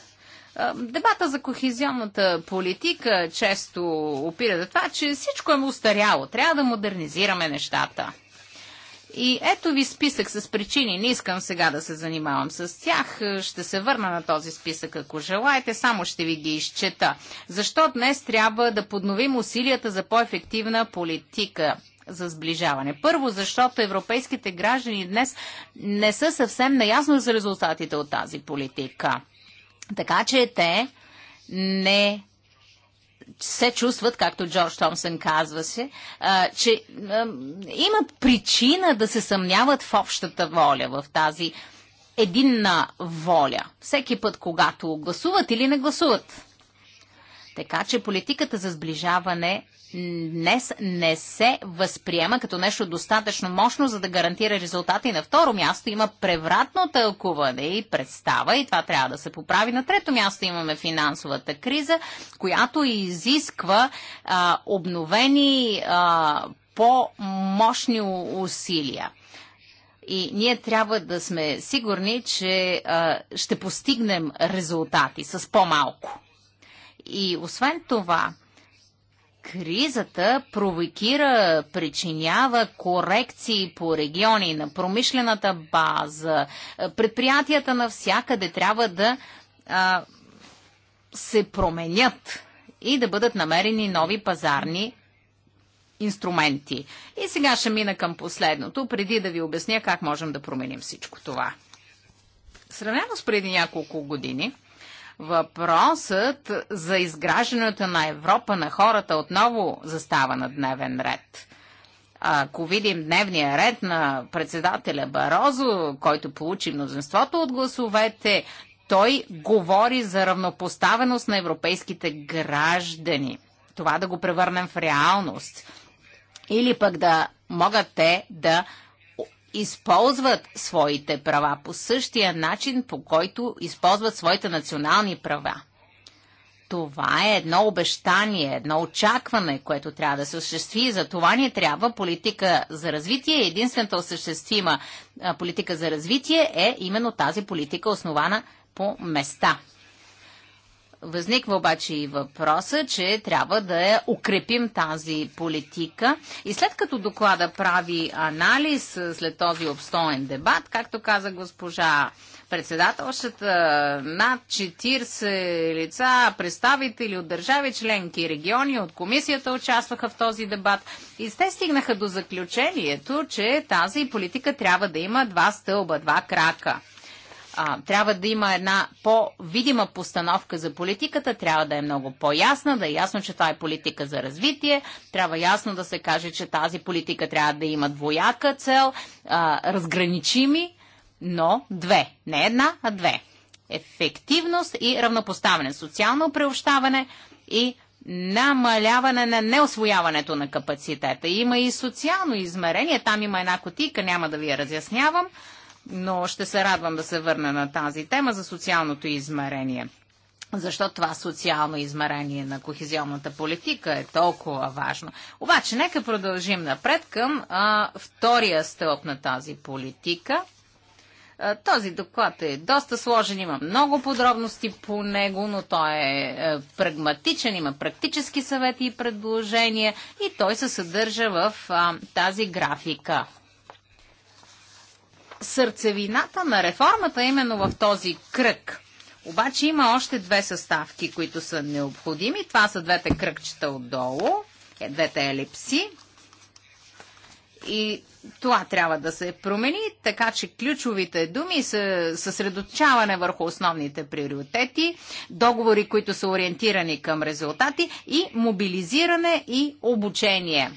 Дебата за кохезионната политика често опира до това, че всичко е му устаряло. Трябва да модернизираме нещата. И ето ви списък с причини. Не искам сега да се занимавам с тях. Ще се върна на този списък, ако желаете. Само ще ви ги изчета. Защо днес трябва да подновим усилията за по-ефективна политика? за сближаване. Първо, защото европейските граждани днес не са съвсем наясно за резултатите от тази политика. Така че те не се чувстват, както Джордж Томсън казва се, че има имат причина да се съмняват в общата воля, в тази единна воля. Всеки път, когато гласуват или не гласуват. Така че политиката за сближаване днес не се възприема като нещо достатъчно мощно, за да гарантира резултати. На второ място има превратно тълкуване и представа и това трябва да се поправи. На трето място имаме финансовата криза, която изисква а, обновени а, по-мощни усилия. И ние трябва да сме сигурни, че а, ще постигнем резултати с по-малко. И освен това, кризата провокира, причинява корекции по региони на промишлената база. Предприятията навсякъде трябва да а, се променят и да бъдат намерени нови пазарни инструменти. И сега ще мина към последното, преди да ви обясня как можем да променим всичко това. Сравнено с преди няколко години, Въпросът за изграждането на Европа на хората отново застава на дневен ред. Ако видим дневния ред на председателя Барозо, който получи мнозинството от гласовете, той говори за равнопоставеност на европейските граждани. Това да го превърнем в реалност. Или пък да могат те да използват своите права по същия начин, по който използват своите национални права. Това е едно обещание, едно очакване, което трябва да се осъществи. За това ни трябва политика за развитие. Единствената осъществима политика за развитие е именно тази политика, основана по места. Възниква обаче и въпроса, че трябва да укрепим тази политика. И след като доклада прави анализ след този обстоен дебат, както каза госпожа председателщата, над 40 лица, представители от държави, членки, региони, от комисията участваха в този дебат. И те стигнаха до заключението, че тази политика трябва да има два стълба, два крака – а, трябва да има една по-видима постановка за политиката, трябва да е много по-ясна, да е ясно, че това е политика за развитие, трябва ясно да се каже, че тази политика трябва да има двояка цел, а, разграничими, но две. Не една, а две. Ефективност и равнопоставяне, социално преобщаване и намаляване на неосвояването на капацитета. Има и социално измерение, там има една котика, няма да ви я разяснявам но ще се радвам да се върна на тази тема за социалното измерение. Защо това социално измерение на кохезионната политика е толкова важно? Обаче, нека продължим напред към а, втория стълб на тази политика. А, този доклад е доста сложен, има много подробности по него, но той е, е прагматичен, има практически съвети и предложения и той се съдържа в а, тази графика сърцевината на реформата е именно в този кръг. Обаче има още две съставки, които са необходими. Това са двете кръгчета отдолу, е, двете елипси. И това трябва да се промени, така че ключовите думи са съсредоточаване върху основните приоритети, договори, които са ориентирани към резултати и мобилизиране и обучение.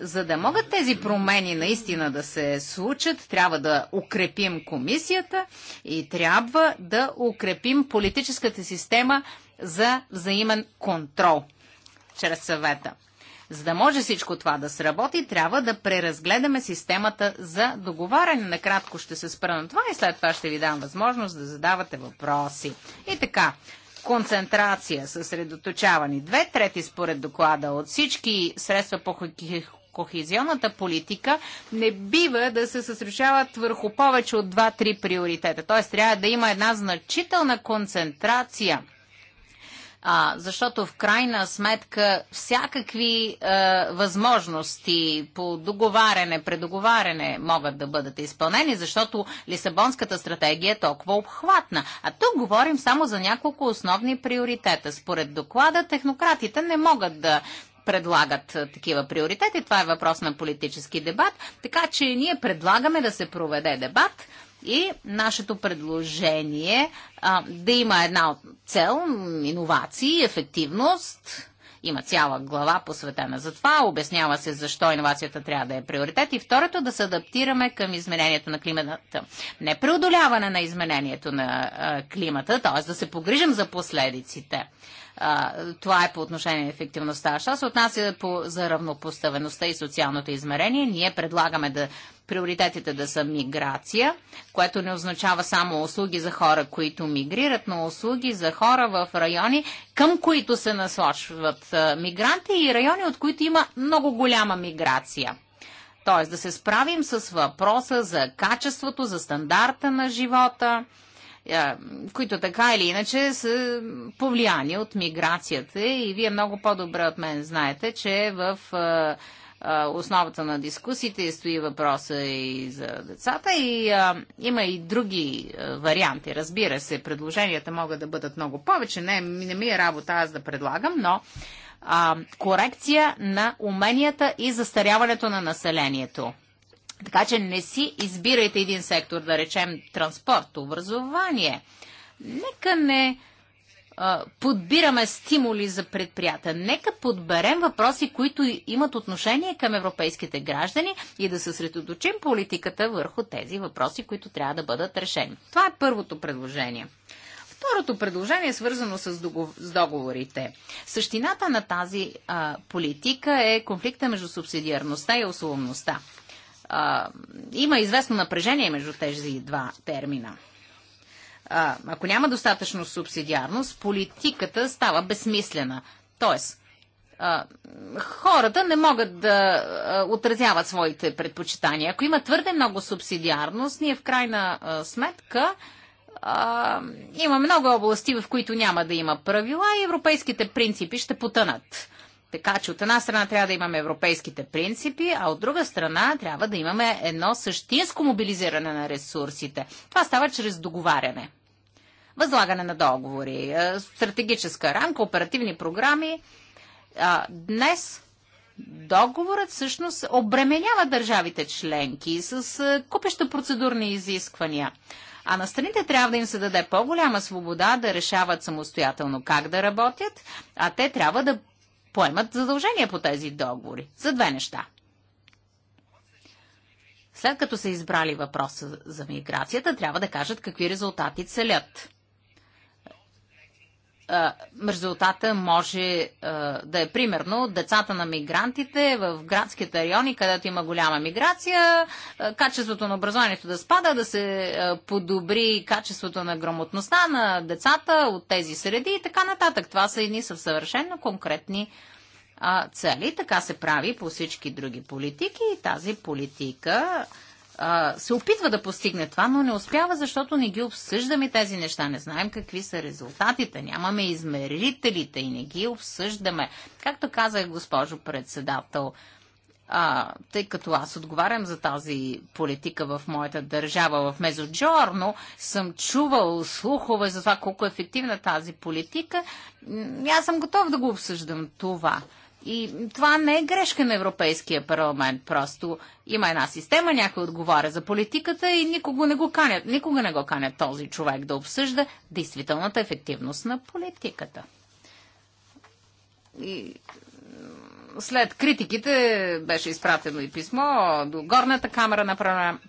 За да могат тези промени наистина да се случат, трябва да укрепим комисията и трябва да укрепим политическата система за взаимен контрол чрез съвета. За да може всичко това да сработи, трябва да преразгледаме системата за договаряне. Накратко ще се спра на това и след това ще ви дам възможност да задавате въпроси. И така, концентрация, съсредоточавани две трети според доклада от всички средства по кохезионната политика не бива да се съсрещават върху повече от 2-3 приоритета. Т.е. трябва да има една значителна концентрация а, защото в крайна сметка всякакви а, е, възможности по договаряне, предоговаряне могат да бъдат изпълнени, защото Лисабонската стратегия е толкова обхватна. А тук говорим само за няколко основни приоритета. Според доклада, технократите не могат да предлагат такива приоритети. Това е въпрос на политически дебат. Така че ние предлагаме да се проведе дебат и нашето предложение а, да има една цел иновации, ефективност. Има цяла глава посветена за това. Обяснява се защо иновацията трябва да е приоритет. И второто да се адаптираме към изменението на климата. Не преодоляване на изменението на климата, т.е. да се погрижим за последиците това е по отношение на ефективността. Що се отнася по, за равнопоставеността и социалното измерение, ние предлагаме да приоритетите да са миграция, което не означава само услуги за хора, които мигрират, но услуги за хора в райони, към които се насочват мигранти и райони, от които има много голяма миграция. Тоест да се справим с въпроса за качеството, за стандарта на живота, е, които така или иначе са повлияни от миграцията и вие много по-добре от мен знаете, че в е, е, основата на дискусиите стои въпроса и за децата и а, има и други варианти. Разбира се, предложенията могат да бъдат много повече. Не, не ми е работа аз да предлагам, но а, корекция на уменията и застаряването на населението. Така че не си избирайте един сектор, да речем транспорт, образование. Нека не а, подбираме стимули за предприятия. Нека подберем въпроси, които имат отношение към европейските граждани и да съсредоточим политиката върху тези въпроси, които трябва да бъдат решени. Това е първото предложение. Второто предложение е свързано с, договорите. Същината на тази а, политика е конфликта между субсидиарността и условността а, има известно напрежение между тези два термина. А, ако няма достатъчно субсидиарност, политиката става безсмислена. Тоест, а, хората не могат да а, отразяват своите предпочитания. Ако има твърде много субсидиарност, ние в крайна а, сметка а, има много области, в които няма да има правила и европейските принципи ще потънат. Така че от една страна трябва да имаме европейските принципи, а от друга страна трябва да имаме едно същинско мобилизиране на ресурсите. Това става чрез договаряне. Възлагане на договори, е, стратегическа рамка, оперативни програми. Днес договорът всъщност обременява държавите членки с е, купища процедурни изисквания. А на страните трябва да им се даде по-голяма свобода да решават самостоятелно как да работят, а те трябва да поемат задължения по тези договори. За две неща. След като са избрали въпроса за миграцията, трябва да кажат какви резултати целят резултата може да е примерно децата на мигрантите в градските райони, където има голяма миграция, качеството на образованието да спада, да се подобри качеството на грамотността на децата от тези среди и така нататък. Това са едни съвършенно конкретни цели. Така се прави по всички други политики и тази политика а, се опитва да постигне това, но не успява, защото не ги обсъждаме тези неща. Не знаем какви са резултатите, нямаме измерителите и не ги обсъждаме. Както казах, госпожо председател, а, тъй като аз отговарям за тази политика в моята държава, в Мезоджорно, съм чувал слухове за това колко е ефективна тази политика. Аз съм готов да го обсъждам това. И това не е грешка на Европейския парламент. Просто има една система, някой отговаря за политиката и никога не го канят, никога не го канят този човек да обсъжда действителната ефективност на политиката. И след критиките беше изпратено и писмо до горната камера на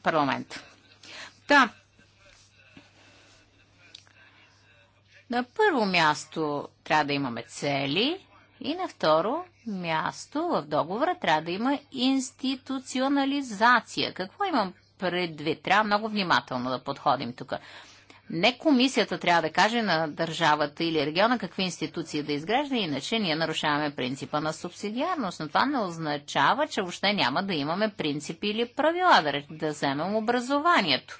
парламент. Та, да. на първо място трябва да имаме цели и на второ място в договора трябва да има институционализация. Какво имам предвид? Трябва много внимателно да подходим тук. Не комисията трябва да каже на държавата или региона какви институции да изгражда, иначе ние нарушаваме принципа на субсидиарност. Но това не означава, че въобще няма да имаме принципи или правила, да, да вземем образованието.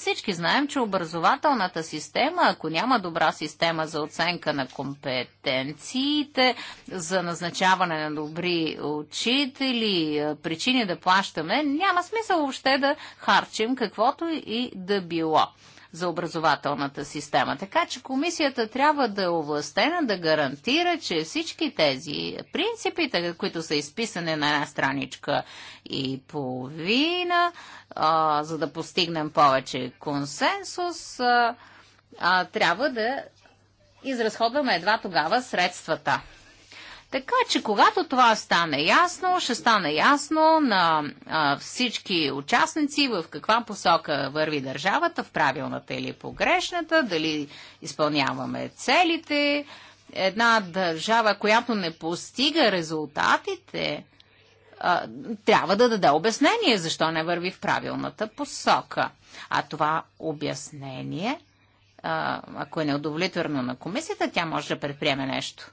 Всички знаем, че образователната система, ако няма добра система за оценка на компетенциите, за назначаване на добри учители, е, причини да плащаме, няма смисъл въобще да харчим каквото и да било за образователната система. Така че комисията трябва да е овластена да гарантира, че всички тези принципи, които са изписани на една страничка и половина, а, за да постигнем повече консенсус, а, а, трябва да изразходваме едва тогава средствата. Така че, когато това стане ясно, ще стане ясно на а, всички участници в каква посока върви държавата, в правилната или погрешната, дали изпълняваме целите. Една държава, която не постига резултатите, а, трябва да даде обяснение защо не върви в правилната посока. А това обяснение, а, ако е неудовлетворено на комисията, тя може да предприеме нещо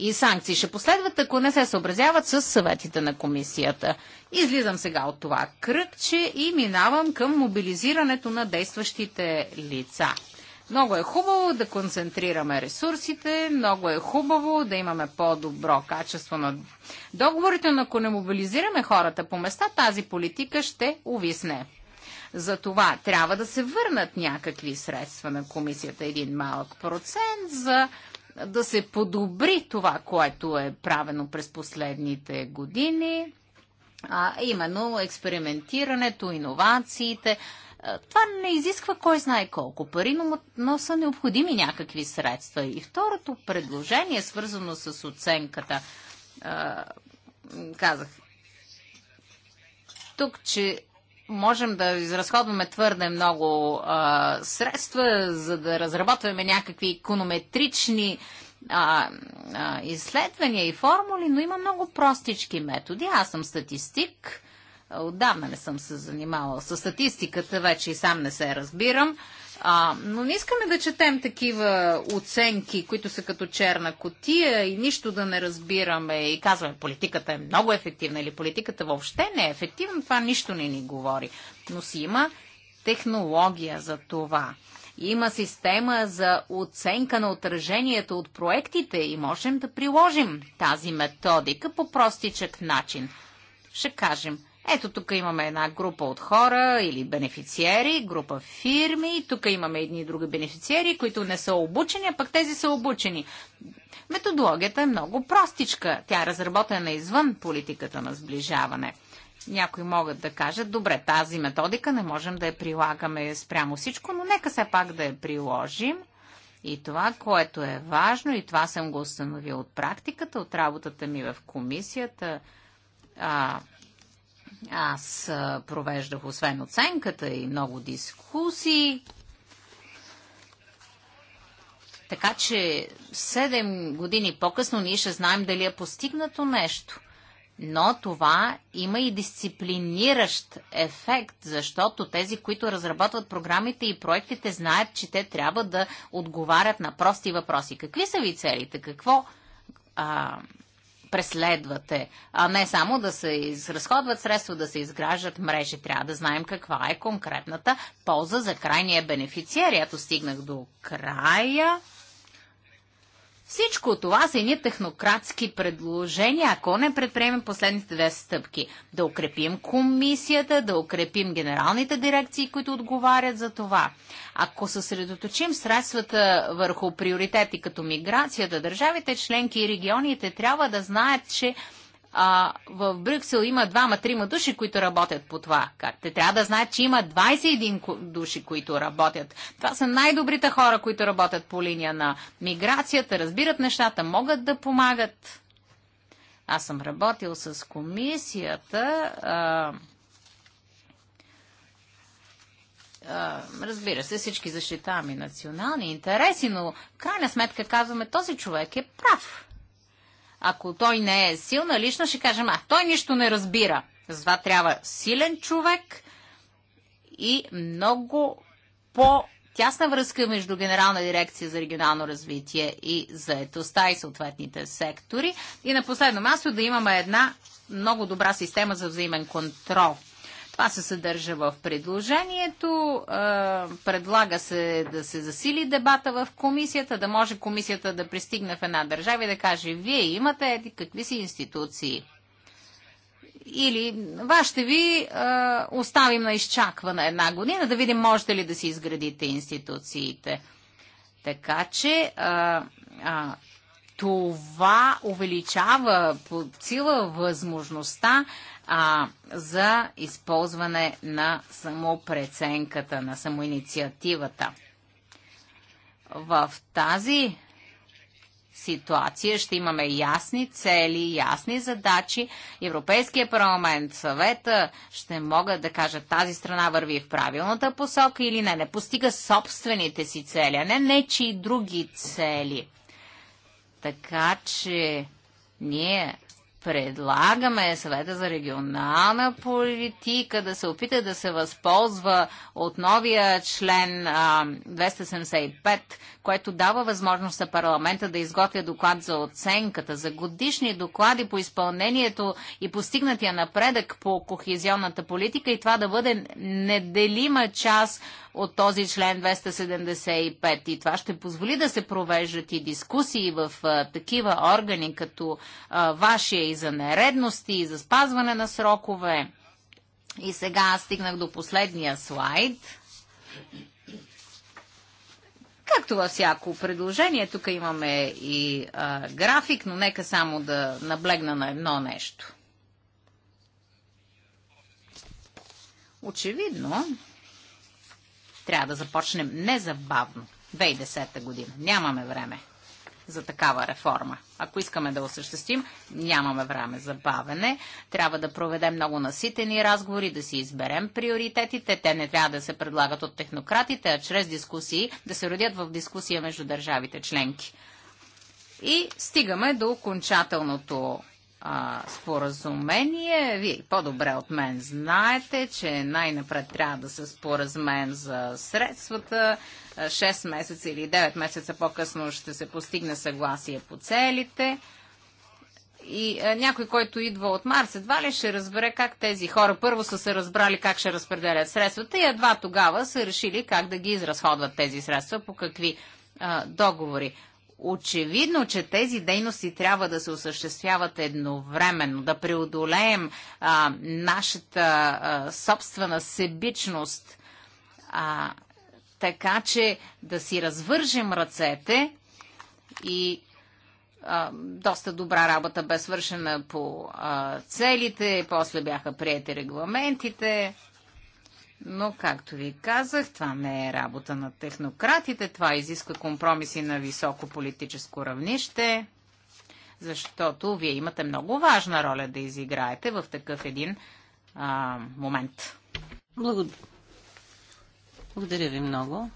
и санкции ще последват, ако не се съобразяват с съветите на комисията. Излизам сега от това кръгче и минавам към мобилизирането на действащите лица. Много е хубаво да концентрираме ресурсите, много е хубаво да имаме по-добро качество на договорите, но ако не мобилизираме хората по места, тази политика ще увисне. За това трябва да се върнат някакви средства на комисията, един малък процент за да се подобри това, което е правено през последните години, а именно експериментирането, иновациите. Това не изисква кой знае колко пари, но, но са необходими някакви средства. И второто предложение, свързано с оценката, казах тук, че можем да изразходваме твърде много а, средства, за да разработваме някакви иконометрични а, а, изследвания и формули, но има много простички методи. Аз съм статистик. Отдавна не съм се занимавала с статистиката, вече и сам не се разбирам. А, но не искаме да четем такива оценки, които са като черна котия и нищо да не разбираме и казваме политиката е много ефективна или политиката въобще не е ефективна, това нищо не ни говори. Но си има технология за това. Има система за оценка на отражението от проектите и можем да приложим тази методика по простичък начин. Ще кажем – ето тук имаме една група от хора или бенефициери, група фирми, тук имаме едни и други бенефициери, които не са обучени, а пък тези са обучени. Методологията е много простичка. Тя е разработена извън политиката на сближаване. Някои могат да кажат, добре, тази методика не можем да я прилагаме спрямо всичко, но нека се пак да я приложим. И това, което е важно, и това съм го установил от практиката, от работата ми в комисията, а, аз провеждах освен оценката и много дискусии. Така че 7 години по-късно ние ще знаем дали е постигнато нещо. Но това има и дисциплиниращ ефект, защото тези, които разработват програмите и проектите, знаят, че те трябва да отговарят на прости въпроси. Какви са ви целите? Какво а, преследвате, а не само да се изразходват средства, да се изграждат мрежи. Трябва да знаем каква е конкретната полза за крайния бенефициер. Ето стигнах до края всичко това са едни технократски предложения, ако не предприемем последните две стъпки. Да укрепим комисията, да укрепим генералните дирекции, които отговарят за това. Ако съсредоточим средствата върху приоритети като миграцията, държавите членки и регионите трябва да знаят, че а, в Брюксел има двама-трима души, които работят по това. Как? Те трябва да знаят, че има 21 души, които работят. Това са най-добрите хора, които работят по линия на миграцията, разбират нещата, могат да помагат. Аз съм работил с комисията. А, разбира се, всички защитаваме национални интереси, но крайна сметка казваме, този човек е прав. Ако той не е силна лично, ще кажем, а той нищо не разбира. Затова трябва силен човек и много по тясна връзка между Генерална дирекция за регионално развитие и заетостта и съответните сектори. И на последно място да имаме една много добра система за взаимен контрол – това се съдържа в предложението. Предлага се да се засили дебата в комисията, да може комисията да пристигне в една държава и да каже, вие имате еди какви си институции. Или вашите ви оставим на изчакване една година, да видим можете ли да си изградите институциите. Така че това увеличава по сила възможността а, за използване на самопреценката, на самоинициативата. В тази ситуация ще имаме ясни цели, ясни задачи. Европейския парламент, съвета ще могат да кажат тази страна върви в правилната посока или не, не постига собствените си цели, а не нечи други цели – така че ние предлагаме съвета за регионална политика да се опита да се възползва от новия член 275, което дава възможност на парламента да изготвя доклад за оценката, за годишни доклади по изпълнението и постигнатия напредък по кохезионната политика и това да бъде неделима част от този член 275. И това ще позволи да се провеждат и дискусии в а, такива органи, като а, вашия и за нередности, и за спазване на срокове. И сега стигнах до последния слайд. Както във всяко предложение, тук имаме и а, график, но нека само да наблегна на едно нещо. Очевидно, трябва да започнем незабавно. 2010 година. Нямаме време за такава реформа. Ако искаме да осъществим, нямаме време за бавене. Трябва да проведем много наситени разговори, да си изберем приоритетите. Те не трябва да се предлагат от технократите, а чрез дискусии да се родят в дискусия между държавите членки. И стигаме до окончателното а, споразумение. Вие по-добре от мен знаете, че най-напред трябва да се споразумеем за средствата, 6 месеца или 9 месеца по-късно ще се постигне съгласие по целите. И е, някой, който идва от Марс, едва ли ще разбере как тези хора първо са се разбрали как ще разпределят средствата и едва тогава са решили как да ги изразходват тези средства, по какви а, е, договори. Очевидно, че тези дейности трябва да се осъществяват едновременно, да преодолеем а, нашата а, собствена себичност. А, така че да си развържем ръцете и а, доста добра работа бе свършена по а, целите, после бяха приети регламентите, но както ви казах, това не е работа на технократите, това изисква компромиси на високо политическо равнище, защото вие имате много важна роля да изиграете в такъв един а, момент. Благодаря. Благодаря ви много.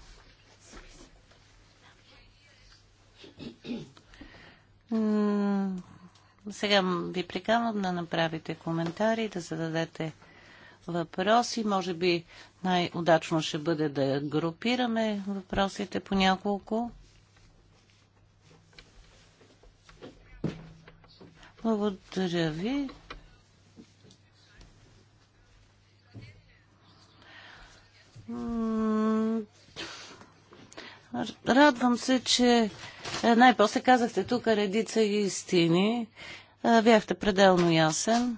Сега ви приканвам да направите коментари, да зададете въпроси. Може би най-удачно ще бъде да групираме въпросите по няколко. Благодаря ви. Радвам се, че е, най-после казахте тук редица истини. Е, бяхте пределно ясен.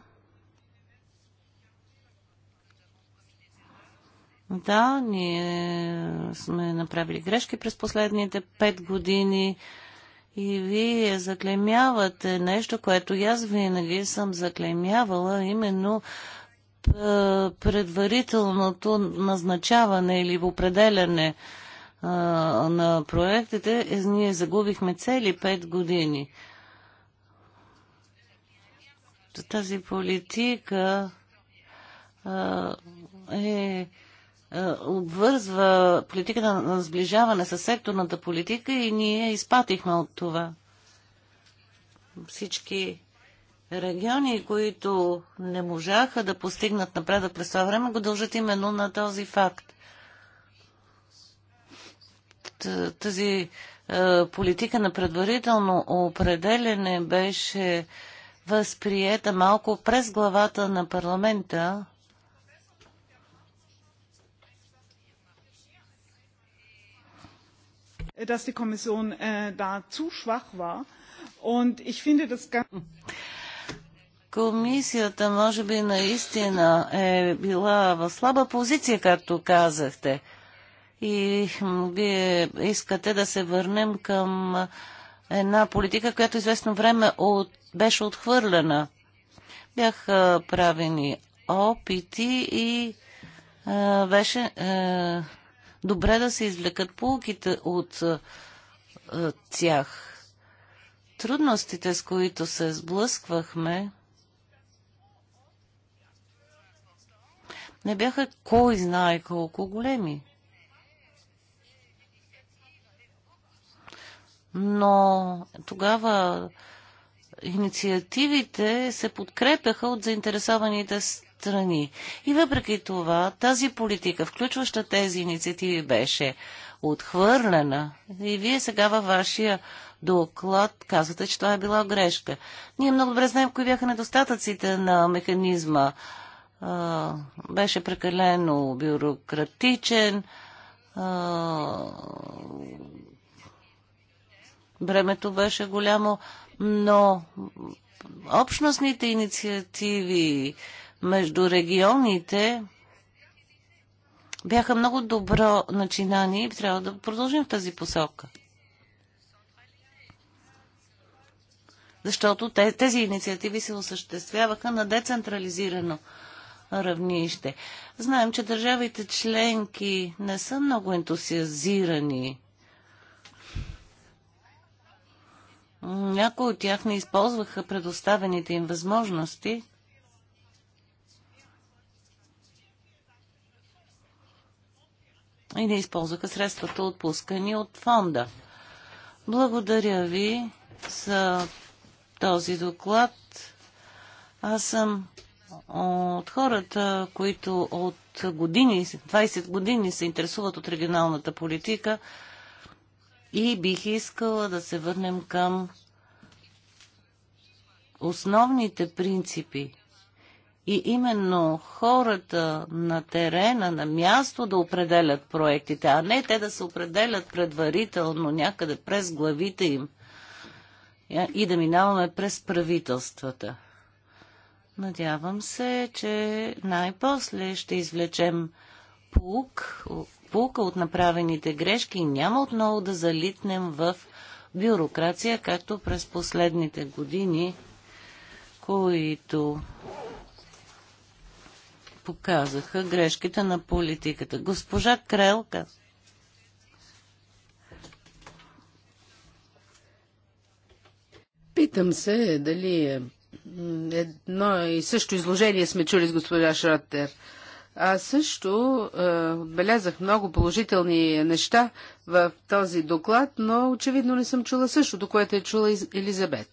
Да, ние сме направили грешки през последните пет години и вие заклемявате нещо, което аз винаги съм заклемявала, именно е, предварителното назначаване или определяне е, на проектите, е, ние загубихме цели 5 години. Тази политика е обвързва политиката на сближаване с секторната политика и ние изпатихме от това. Всички региони, които не можаха да постигнат напредък през това време, го дължат именно на този факт. Тази е, политика на предварително определене беше възприета малко през главата на парламента. Dass die Kommission е, da zu schwach war. Und ich finde das ganz. *laughs* Комисията може би наистина е била в слаба позиция, както казахте. И вие искате да се върнем към една политика, която известно време от, беше отхвърлена. Бяха правени опити и а, беше а, добре да се извлекат полуките от а, тях. Трудностите, с които се сблъсквахме, не бяха кой знае колко големи. Но тогава инициативите се подкрепяха от заинтересованите страни. И въпреки това, тази политика, включваща тези инициативи, беше отхвърлена. И вие сега във вашия доклад казвате, че това е била грешка. Ние много добре знаем кои бяха недостатъците на механизма беше прекалено бюрократичен. времето бремето беше голямо, но общностните инициативи между регионите бяха много добро начинание и трябва да продължим в тази посока. Защото тези инициативи се осъществяваха на децентрализирано равнище. Знаем, че държавите членки не са много ентусиазирани. Някои от тях не използваха предоставените им възможности. И не използваха средствата отпускани от фонда. Благодаря ви за този доклад. Аз съм от хората, които от години, 20 години се интересуват от регионалната политика и бих искала да се върнем към основните принципи и именно хората на терена, на място да определят проектите, а не те да се определят предварително някъде през главите им и да минаваме през правителствата. Надявам се, че най-после ще извлечем пук, пулка от направените грешки и няма отново да залитнем в бюрокрация, както през последните години, които показаха грешките на политиката. Госпожа Крелка. Питам се дали е едно и също изложение сме чули с госпожа Шротер. А също е, белязах много положителни неща в този доклад, но очевидно не съм чула същото, което е чула Елизабет.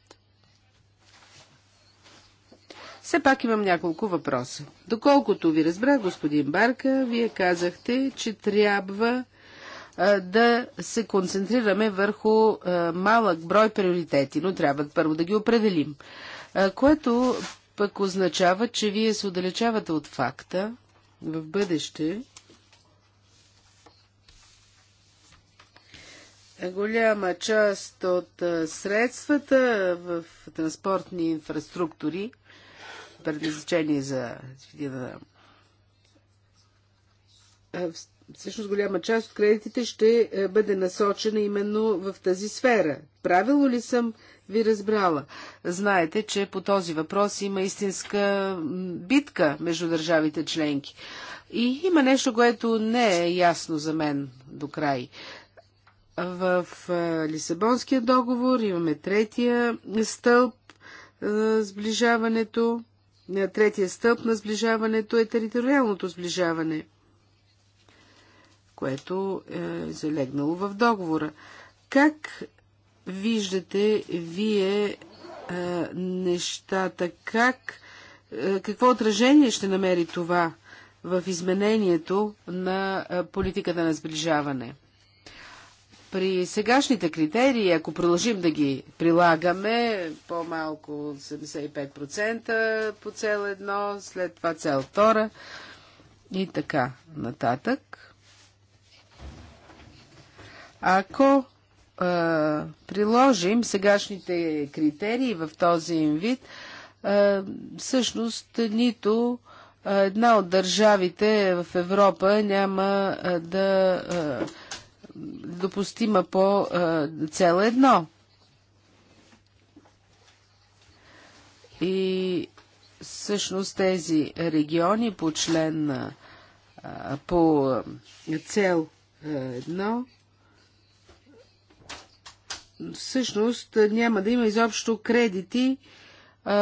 Все пак имам няколко въпроса. Доколкото ви разбрах, господин Барка, вие казахте, че трябва е, да се концентрираме върху е, малък брой приоритети, но трябва първо да ги определим което пък означава, че вие се отдалечавате от факта в бъдеще. Голяма част от средствата в транспортни инфраструктури, предназначени за всъщност голяма част от кредитите ще е, бъде насочена именно в тази сфера. Правило ли съм ви разбрала? Знаете, че по този въпрос има истинска битка между държавите членки. И има нещо, което не е ясно за мен до край. В е, Лисабонския договор имаме третия стълб на е, сближаването. Третия стълб на сближаването е териториалното сближаване – което е залегнало в договора. Как виждате вие е, нещата? Как, е, какво отражение ще намери това в изменението на е, политиката на сближаване? При сегашните критерии, ако продължим да ги прилагаме, по-малко 75% по цел едно, след това цел втора и така нататък, ако приложим сегашните критерии в този им вид, всъщност нито една от държавите в Европа няма да допустима по цел едно. И всъщност тези региони по член по цел едно всъщност няма да има изобщо кредити а,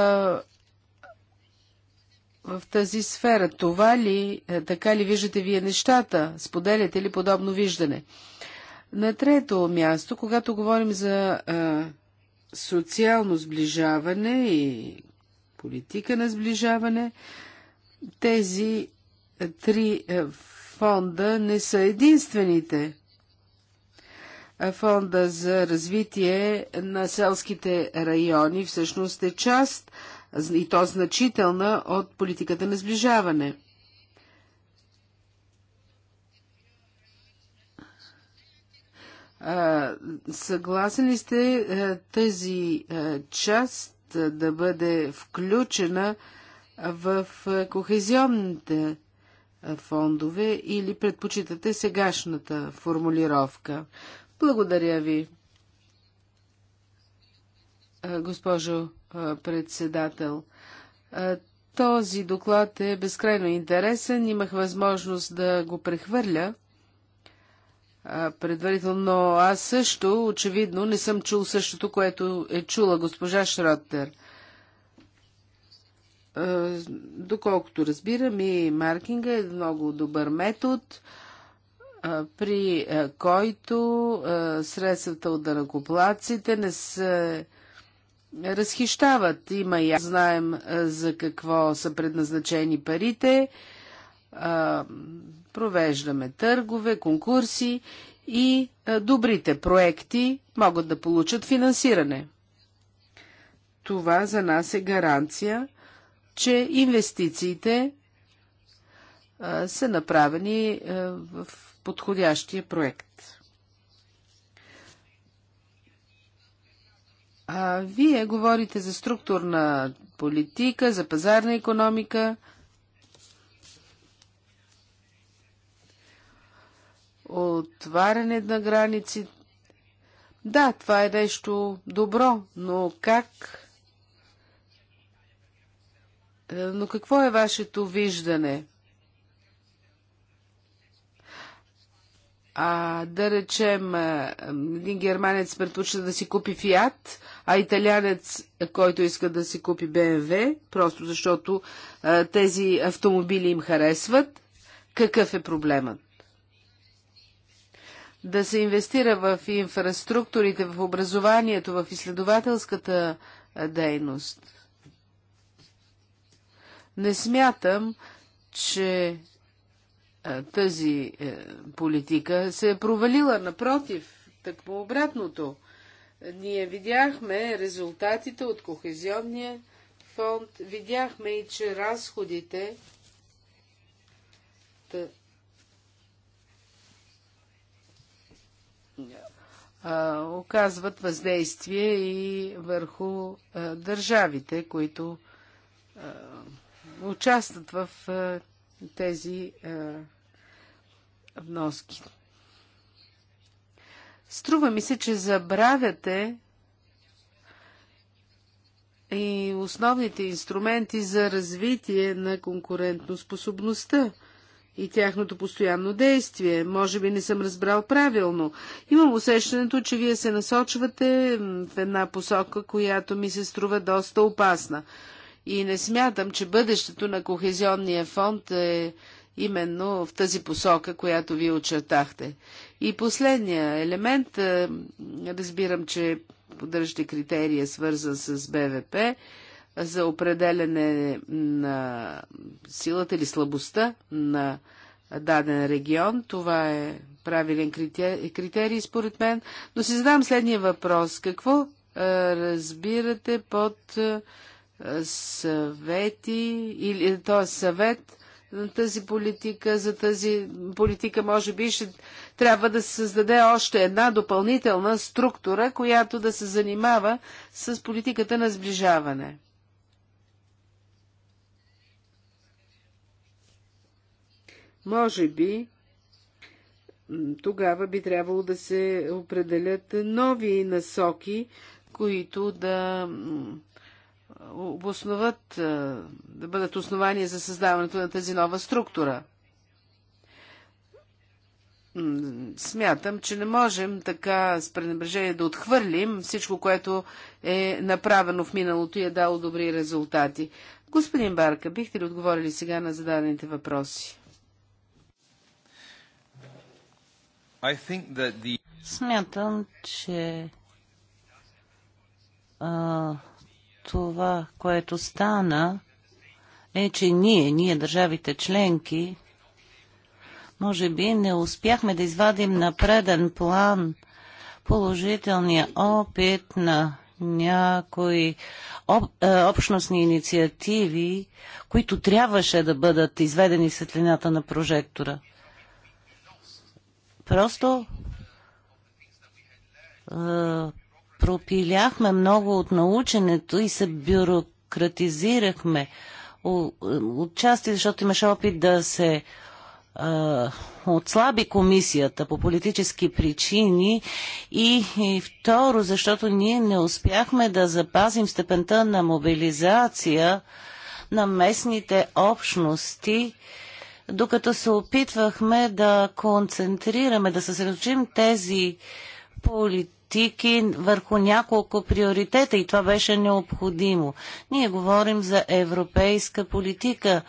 в тази сфера. Това ли, е, така ли виждате вие нещата? Споделяте ли подобно виждане? На трето място, когато говорим за а, социално сближаване и политика на сближаване, тези три фонда не са единствените е, Фонда за развитие на селските райони всъщност е част и то значителна от политиката на сближаване. Е, съгласен ли сте е, тази част да бъде включена в кохезионните фондове или предпочитате сегашната формулировка? Благодаря ви, госпожо председател. Този доклад е безкрайно интересен. Имах възможност да го прехвърля предварително. но Аз също, очевидно, не съм чул същото, което е чула госпожа Шроттер. Доколкото разбирам и маркинга е много добър метод при който средствата от данакоплаците не се разхищават. Има я. Знаем за какво са предназначени парите. Провеждаме търгове, конкурси и добрите проекти могат да получат финансиране. Това за нас е гаранция, че инвестициите са направени в подходящия проект. А вие говорите за структурна политика, за пазарна економика. Отваряне на граници. Да, това е нещо добро, но как? Е, но какво е вашето виждане? А да речем, един германец предпочита да си купи Фиат, а италянец, който иска да си купи БМВ, просто защото а, тези автомобили им харесват, какъв е проблемът? Да се инвестира в инфраструктурите, в образованието, в изследователската дейност. Не смятам, че тази е, политика се е провалила. Напротив, такво обратното. Ние видяхме резултатите от Кохезионния фонд, видяхме и, че разходите оказват въздействие и върху държавите, които участват в а, тези вноски. Струва ми се, че забравяте и основните инструменти за развитие на способността и тяхното постоянно действие. Може би не съм разбрал правилно. Имам усещането, че вие се насочвате в една посока, която ми се струва доста опасна. И не смятам, че бъдещето на Кохезионния фонд е именно в тази посока, която вие очертахте. И последния елемент, е, разбирам, че поддържате критерия, свързан с БВП, за определене на силата или слабостта на даден регион. Това е правилен критерий, според мен. Но си задам следния въпрос. Какво е, разбирате под е, съвети, или т.е. съвет тази политика, за тази политика може би ще трябва да се създаде още една допълнителна структура, която да се занимава с политиката на сближаване. Може би тогава би трябвало да се определят нови насоки, които да обосноват, да бъдат основания за създаването на тази нова структура. Смятам, че не можем така с пренебрежение да отхвърлим всичко, което е направено в миналото и е дало добри резултати. Господин Барка, бихте ли отговорили сега на зададените въпроси? The... Смятам, че а, това, което стана, е, че ние, ние държавите членки, може би не успяхме да извадим на преден план положителния опит на някои об, е, общностни инициативи, които трябваше да бъдат изведени светлината на прожектора. Просто е, пропиляхме много от наученето и се бюрократизирахме отчасти, защото имаше опит да се а, отслаби комисията по политически причини и, и второ, защото ние не успяхме да запазим степента на мобилизация на местните общности, докато се опитвахме да концентрираме, да съсредоточим тези поли, политики върху няколко приоритета и това беше необходимо. Ние говорим за европейска политика,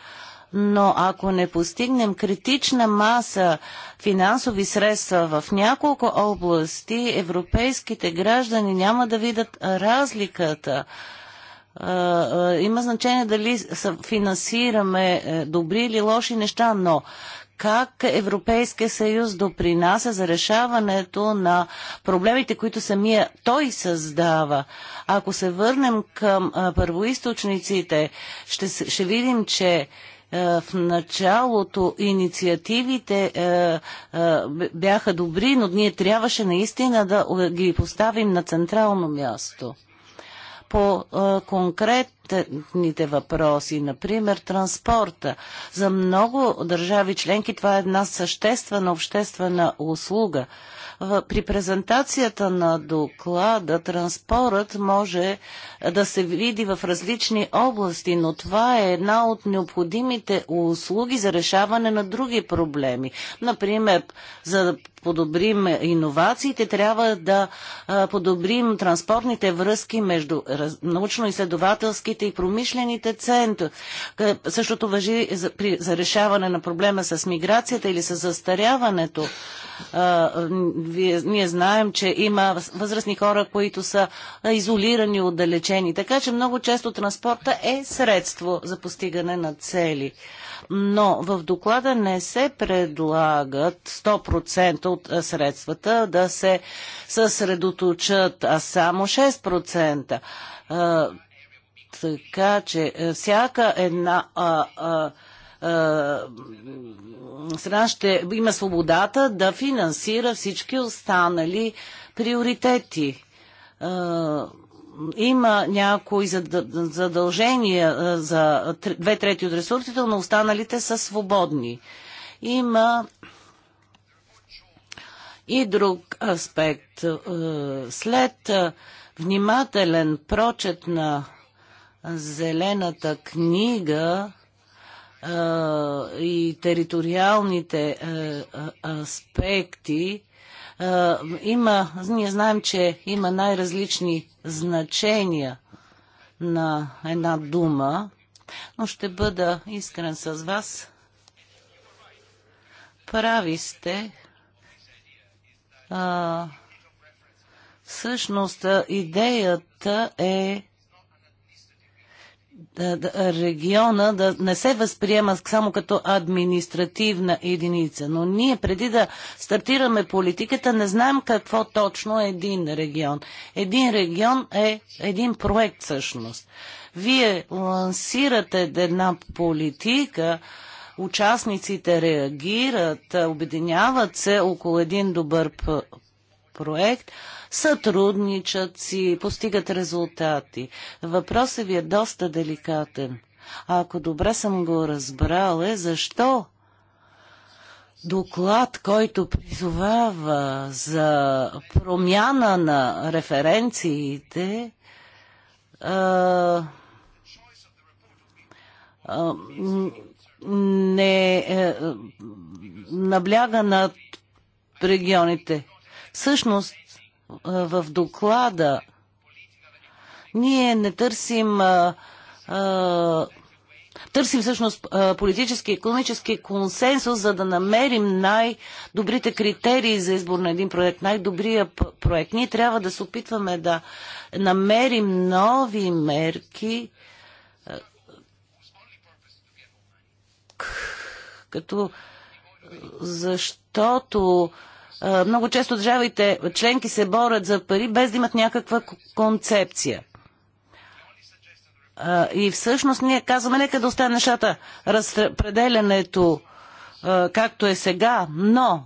но ако не постигнем критична маса финансови средства в няколко области, европейските граждани няма да видят разликата има значение дали финансираме е, добри или лоши неща, но как Европейския съюз допринася за решаването на проблемите, които самия той създава. Ако се върнем към първоисточниците, ще, ще видим, че е, в началото инициативите е, е, бяха добри, но ние трябваше наистина да ги поставим на централно място по а, конкретните въпроси, например транспорта. За много държави членки това е една съществена обществена услуга. При презентацията на доклада транспорът може да се види в различни области, но това е една от необходимите услуги за решаване на други проблеми. Например, за да подобрим иновациите, трябва да подобрим транспортните връзки между научно-изследователските и промишлените центри. Същото въжи за, за решаване на проблема с миграцията или с застаряването вие, ние знаем, че има възрастни хора, които са изолирани, отдалечени. Така че много често транспорта е средство за постигане на цели. Но в доклада не се предлагат 100% от средствата да се съсредоточат, а само 6%. Така че всяка една а, а, страна ще има свободата да финансира всички останали приоритети. Има някои задължения за две трети от ресурсите, но останалите са свободни. Има и друг аспект. След внимателен прочет на Зелената книга, и териториалните е, аспекти, има, ние знаем, че има най-различни значения на една дума, но ще бъда искрен с вас. Прави сте. А, всъщност идеята е да, да, региона да не се възприема само като административна единица. Но ние преди да стартираме политиката не знаем какво точно е един регион. Един регион е един проект всъщност. Вие лансирате една политика, участниците реагират, обединяват се около един добър проект, сътрудничат си, постигат резултати. Въпросът ви е доста деликатен. А ако добре съм го разбрал е, защо доклад, който призовава за промяна на референциите, а, а, не е, е набляга на регионите. Всъщност, в доклада ние не търсим търсим всъщност политически и економически консенсус, за да намерим най-добрите критерии за избор на един проект, най-добрия проект. Ние трябва да се опитваме да намерим нови мерки, като защото много често държавите членки се борят за пари без да имат някаква концепция. И всъщност ние казваме, нека да остане нещата разпределянето както е сега, но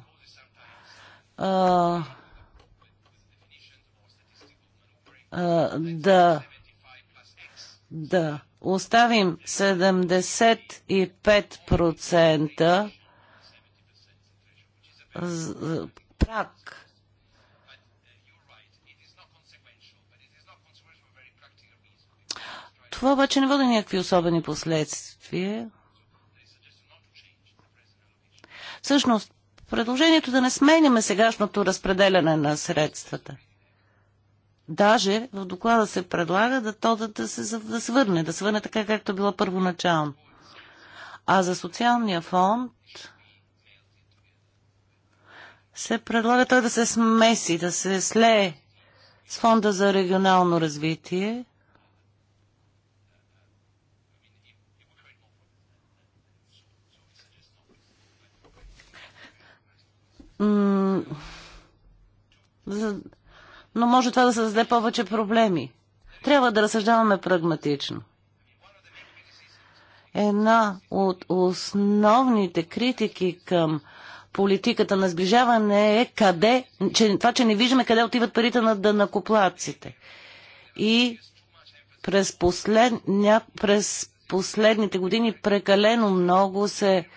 да, да оставим 75% е, прак. Това обаче не води някакви особени последствия. Всъщност, предложението да не сменяме сегашното разпределяне на средствата. Даже в доклада се предлага да то да, да, се, да се върне, да се върне така, както било първоначално. А за социалния фонд се предлага той да се смеси, да се слее с Фонда за регионално развитие. но може това да създаде повече проблеми. Трябва да разсъждаваме прагматично. Една от основните критики към политиката на сближаване е къде, че, това, че не виждаме къде отиват парите на дънакоплаците. И през, ня, през последните години прекалено много се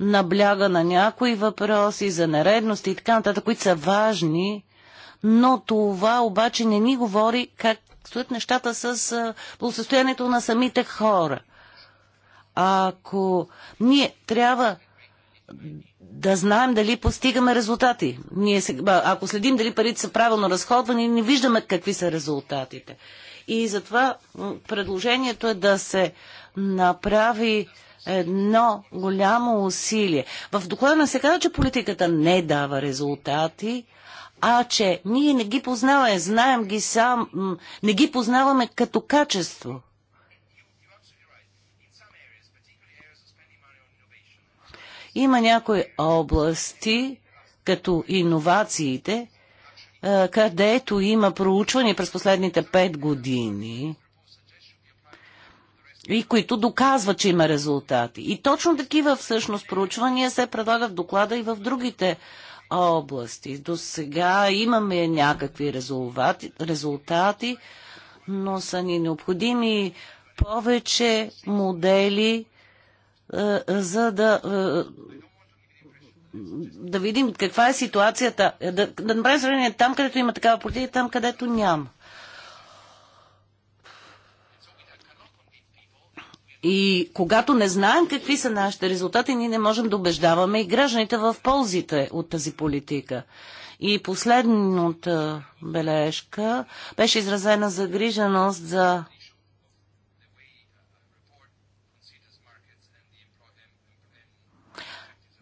набляга на някои въпроси за нередности и така нататък, които са важни, но това обаче не ни говори как стоят нещата с благосостоянието на самите хора. Ако ние трябва да знаем дали постигаме резултати. Ние, ако следим дали парите са правилно разходвани, не виждаме какви са резултатите. И затова предложението е да се направи едно голямо усилие. В доклада не се казва, че политиката не дава резултати, а че ние не ги познаваме, знаем ги сам, не ги познаваме като качество. Има някои области, като иновациите, е, където има проучвания през последните 5 години, и които доказват, че има резултати. И точно такива всъщност проучвания се предлагат в доклада и в другите области. До сега имаме някакви резултати, резултати, но са ни необходими повече модели е, за да е, да видим каква е ситуацията, да, да направим сравнение там, където има такава политика и там, където няма. И когато не знаем какви са нашите резултати, ние не можем да убеждаваме и гражданите в ползите от тази политика. И последната бележка беше изразена загриженост за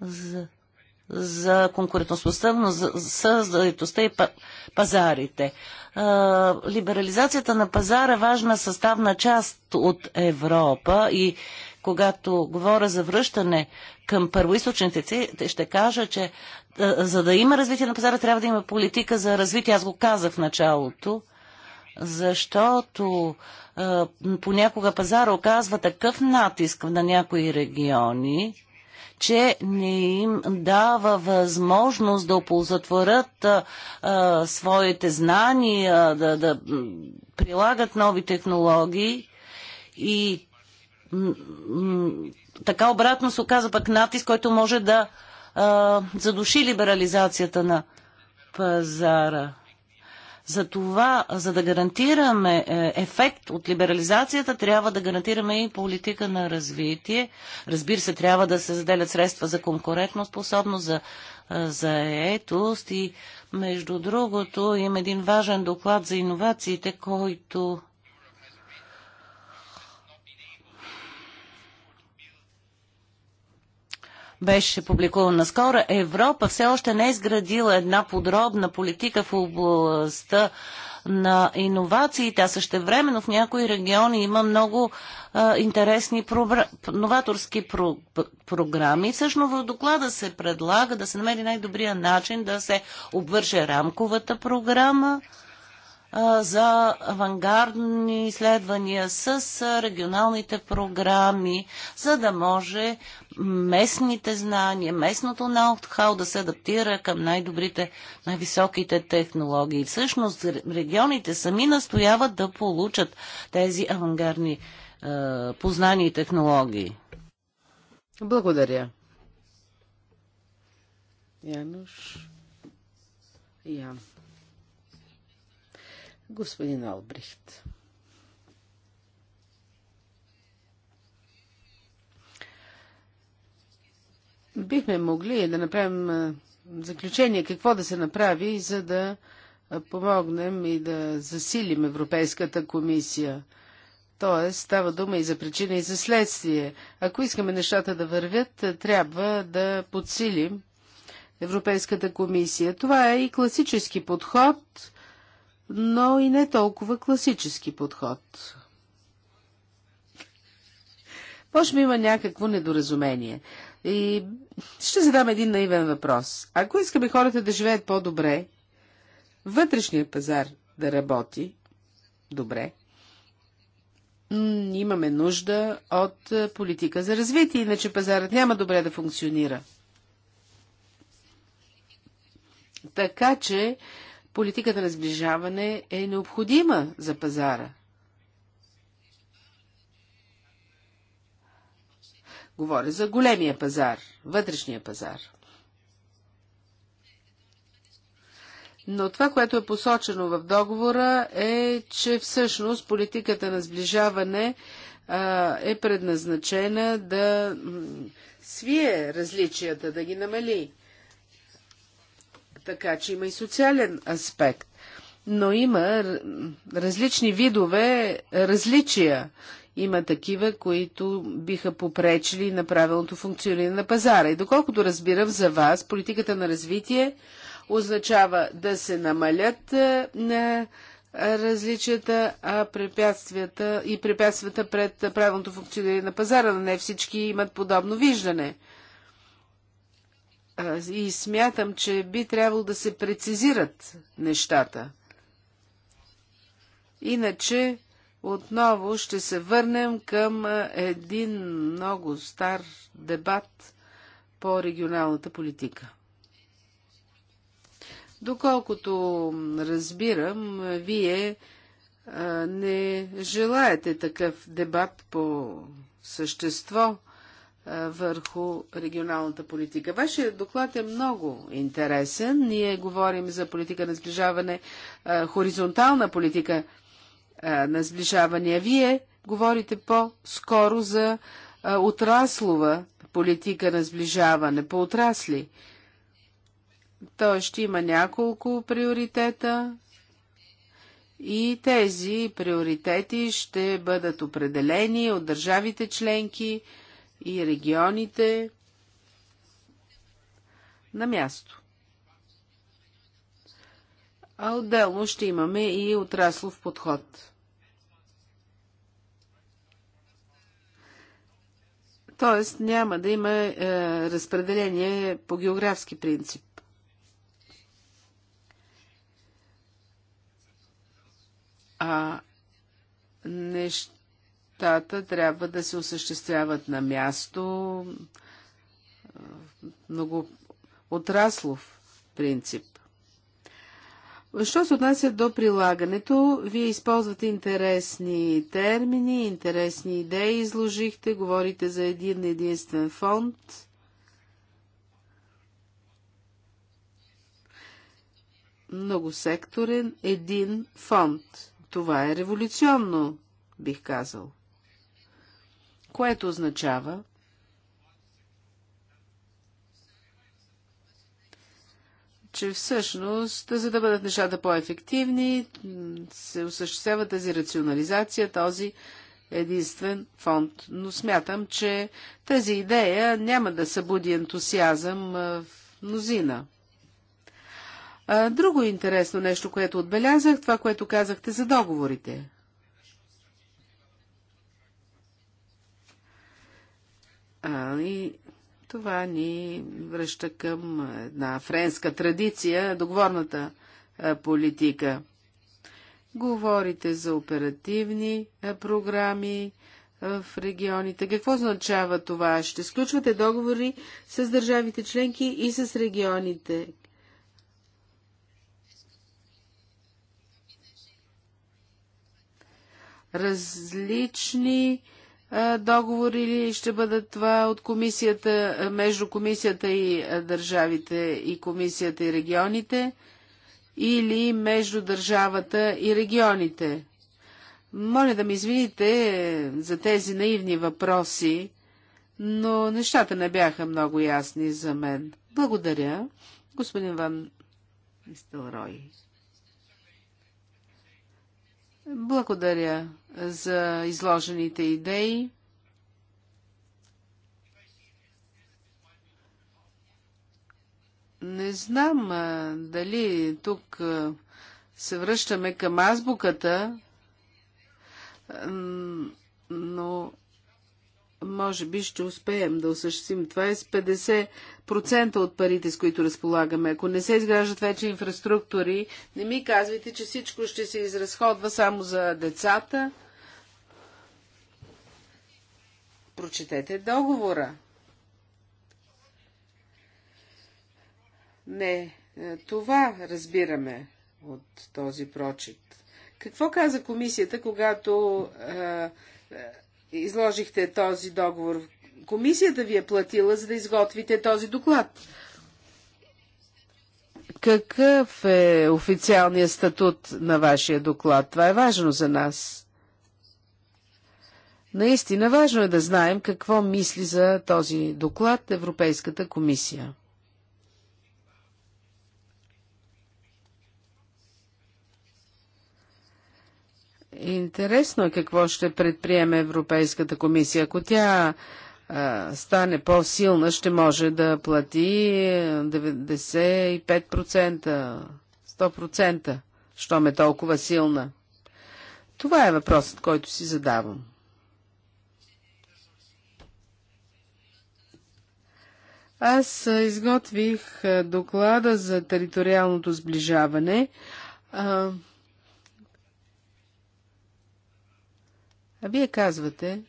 за, за но за заедостта и пазарите. А, либерализацията на пазара е важна съставна част от Европа и когато говоря за връщане към първоисточниците, ще кажа, че за да има развитие на пазара, трябва да има политика за развитие. Аз го казах в началото, защото понякога пазара оказва такъв натиск на някои региони, че не им дава възможност да оползотворят а, своите знания, да, да прилагат нови технологии и така обратно се оказа пък натиск, който може да а, задуши либерализацията на пазара. За това, за да гарантираме е, ефект от либерализацията, трябва да гарантираме и политика на развитие. Разбира се, трябва да се заделят средства за конкурентно способност, за е, заетост и между другото има един важен доклад за иновациите, който беше публикуван наскоро, Европа все още не е изградила една подробна политика в областта на иновациите, а времено в някои региони има много а, интересни пробра... новаторски про... програми. Всъщност в доклада се предлага да се намери най-добрия начин да се обвърже рамковата програма за авангардни изследвания с регионалните програми, за да може местните знания, местното ноу-хау да се адаптира към най-добрите, най-високите технологии. Всъщност регионите сами настояват да получат тези авангардни е, познания и технологии. Благодаря. Януш. Ян господин Албрихт. Бихме могли да направим заключение какво да се направи, за да помогнем и да засилим Европейската комисия. Тоест, става дума и за причина и за следствие. Ако искаме нещата да вървят, трябва да подсилим Европейската комисия. Това е и класически подход но и не толкова класически подход. Може би има някакво недоразумение. И ще задам един наивен въпрос. Ако искаме хората да живеят по-добре, вътрешният пазар да работи добре, имаме нужда от политика за развитие, иначе пазарът няма добре да функционира. Така че политиката на сближаване е необходима за пазара. Говоря за големия пазар, вътрешния пазар. Но това, което е посочено в договора е, че всъщност политиката на сближаване а, е предназначена да свие различията, да ги намали. Така че има и социален аспект. Но има различни видове различия. Има такива, които биха попречили на правилното функциониране на пазара. И доколкото разбирам за вас, политиката на развитие означава да се намалят е, на различията, а препятствията и препятствията пред правилното функциониране на пазара. Но не всички имат подобно виждане и смятам, че би трябвало да се прецизират нещата. Иначе отново ще се върнем към един много стар дебат по регионалната политика. Доколкото разбирам, вие не желаете такъв дебат по същество върху регионалната политика. Вашият доклад е много интересен. Ние говорим за политика на сближаване, хоризонтална политика на сближаване. Вие говорите по-скоро за отраслова политика на сближаване по отрасли. Той ще има няколко приоритета и тези приоритети ще бъдат определени от държавите членки, и регионите на място. А отделно ще имаме и отраслов подход. Тоест няма да има е, разпределение по географски принцип. А нещо нещата трябва да се осъществяват на място, много отраслов принцип. Що се отнася до прилагането, вие използвате интересни термини, интересни идеи изложихте, говорите за един единствен фонд. Многосекторен един фонд. Това е революционно, бих казал което означава, че всъщност, за да бъдат нещата по-ефективни, се осъществява тази рационализация, този единствен фонд. Но смятам, че тази идея няма да събуди ентусиазъм в мнозина. Друго интересно нещо, което отбелязах, това, което казахте за договорите. И това ни връща към една френска традиция, договорната политика. Говорите за оперативни програми в регионите. Какво означава това? Ще сключвате договори с държавите членки и с регионите. Различни договор или ще бъдат това от комисията, между комисията и държавите и комисията и регионите или между държавата и регионите? Моля да ми извините е, за тези наивни въпроси, но нещата не бяха много ясни за мен. Благодаря, господин Ван Мистелрой. Благодаря за изложените идеи. Не знам дали тук се връщаме към азбуката, но може би ще успеем да осъществим това е с 50% от парите, с които разполагаме. Ако не се изграждат вече инфраструктури, не ми казвайте, че всичко ще се изразходва само за децата. Прочетете договора. Не, е, това разбираме от този прочит. Какво каза комисията, когато е, е, изложихте този договор. Комисията ви е платила, за да изготвите този доклад. Какъв е официалният статут на вашия доклад? Това е важно за нас. Наистина важно е да знаем какво мисли за този доклад Европейската комисия. Интересно е какво ще предприеме Европейската комисия. Ако тя а, стане по-силна, ще може да плати 95%, е, 100%, щом е толкова силна. Това е въпросът, който си задавам. Аз изготвих доклада за териториалното сближаване. А вие казвате,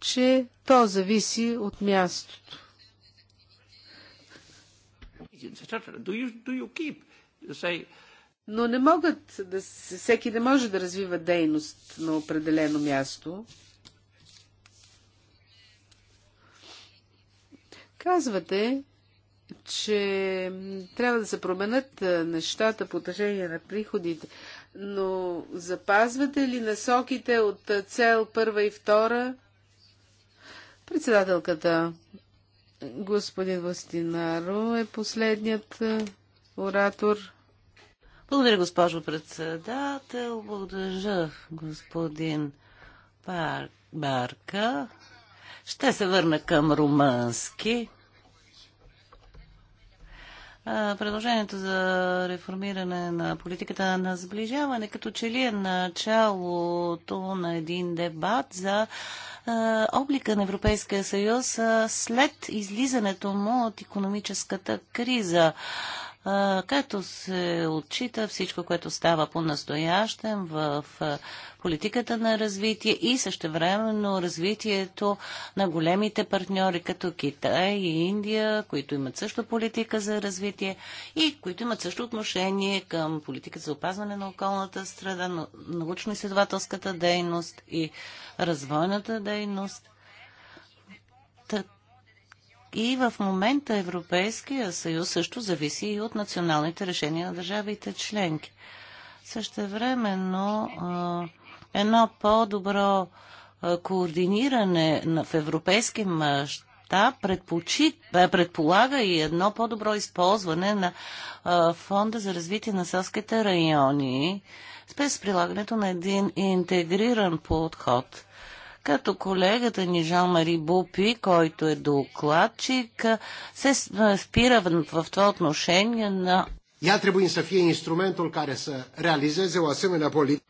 че то зависи от мястото. Но не могат да, всеки не може да развива дейност на определено място. Казвате, че трябва да се променят нещата по отношение на приходите но запазвате ли насоките от цел първа и втора? Председателката господин Вастинаро е последният е, оратор. Благодаря, госпожо председател. Благодаря, господин Бар... Барка. Ще се върна към румънски предложението за реформиране на политиката на сближаване като че ли е началото на един дебат за облика на Европейския съюз след излизането му от економическата криза като се отчита всичко, което става по-настоящем в политиката на развитие и същевременно развитието на големите партньори, като Китай и Индия, които имат също политика за развитие и които имат също отношение към политиката за опазване на околната среда, научно-изследователската дейност и развойната дейност. И в момента Европейския съюз също зависи и от националните решения на държавите членки. но едно по-добро координиране в европейски мащаб предпочит, предполага и едно по-добро използване на а, Фонда за развитие на селските райони с прилагането на един интегриран подход като колегата ни Жан-Мари Бупи, който е докладчик, се спира в това отношение на Я трябва да fie instrumentul който се реализира в asemenea политика.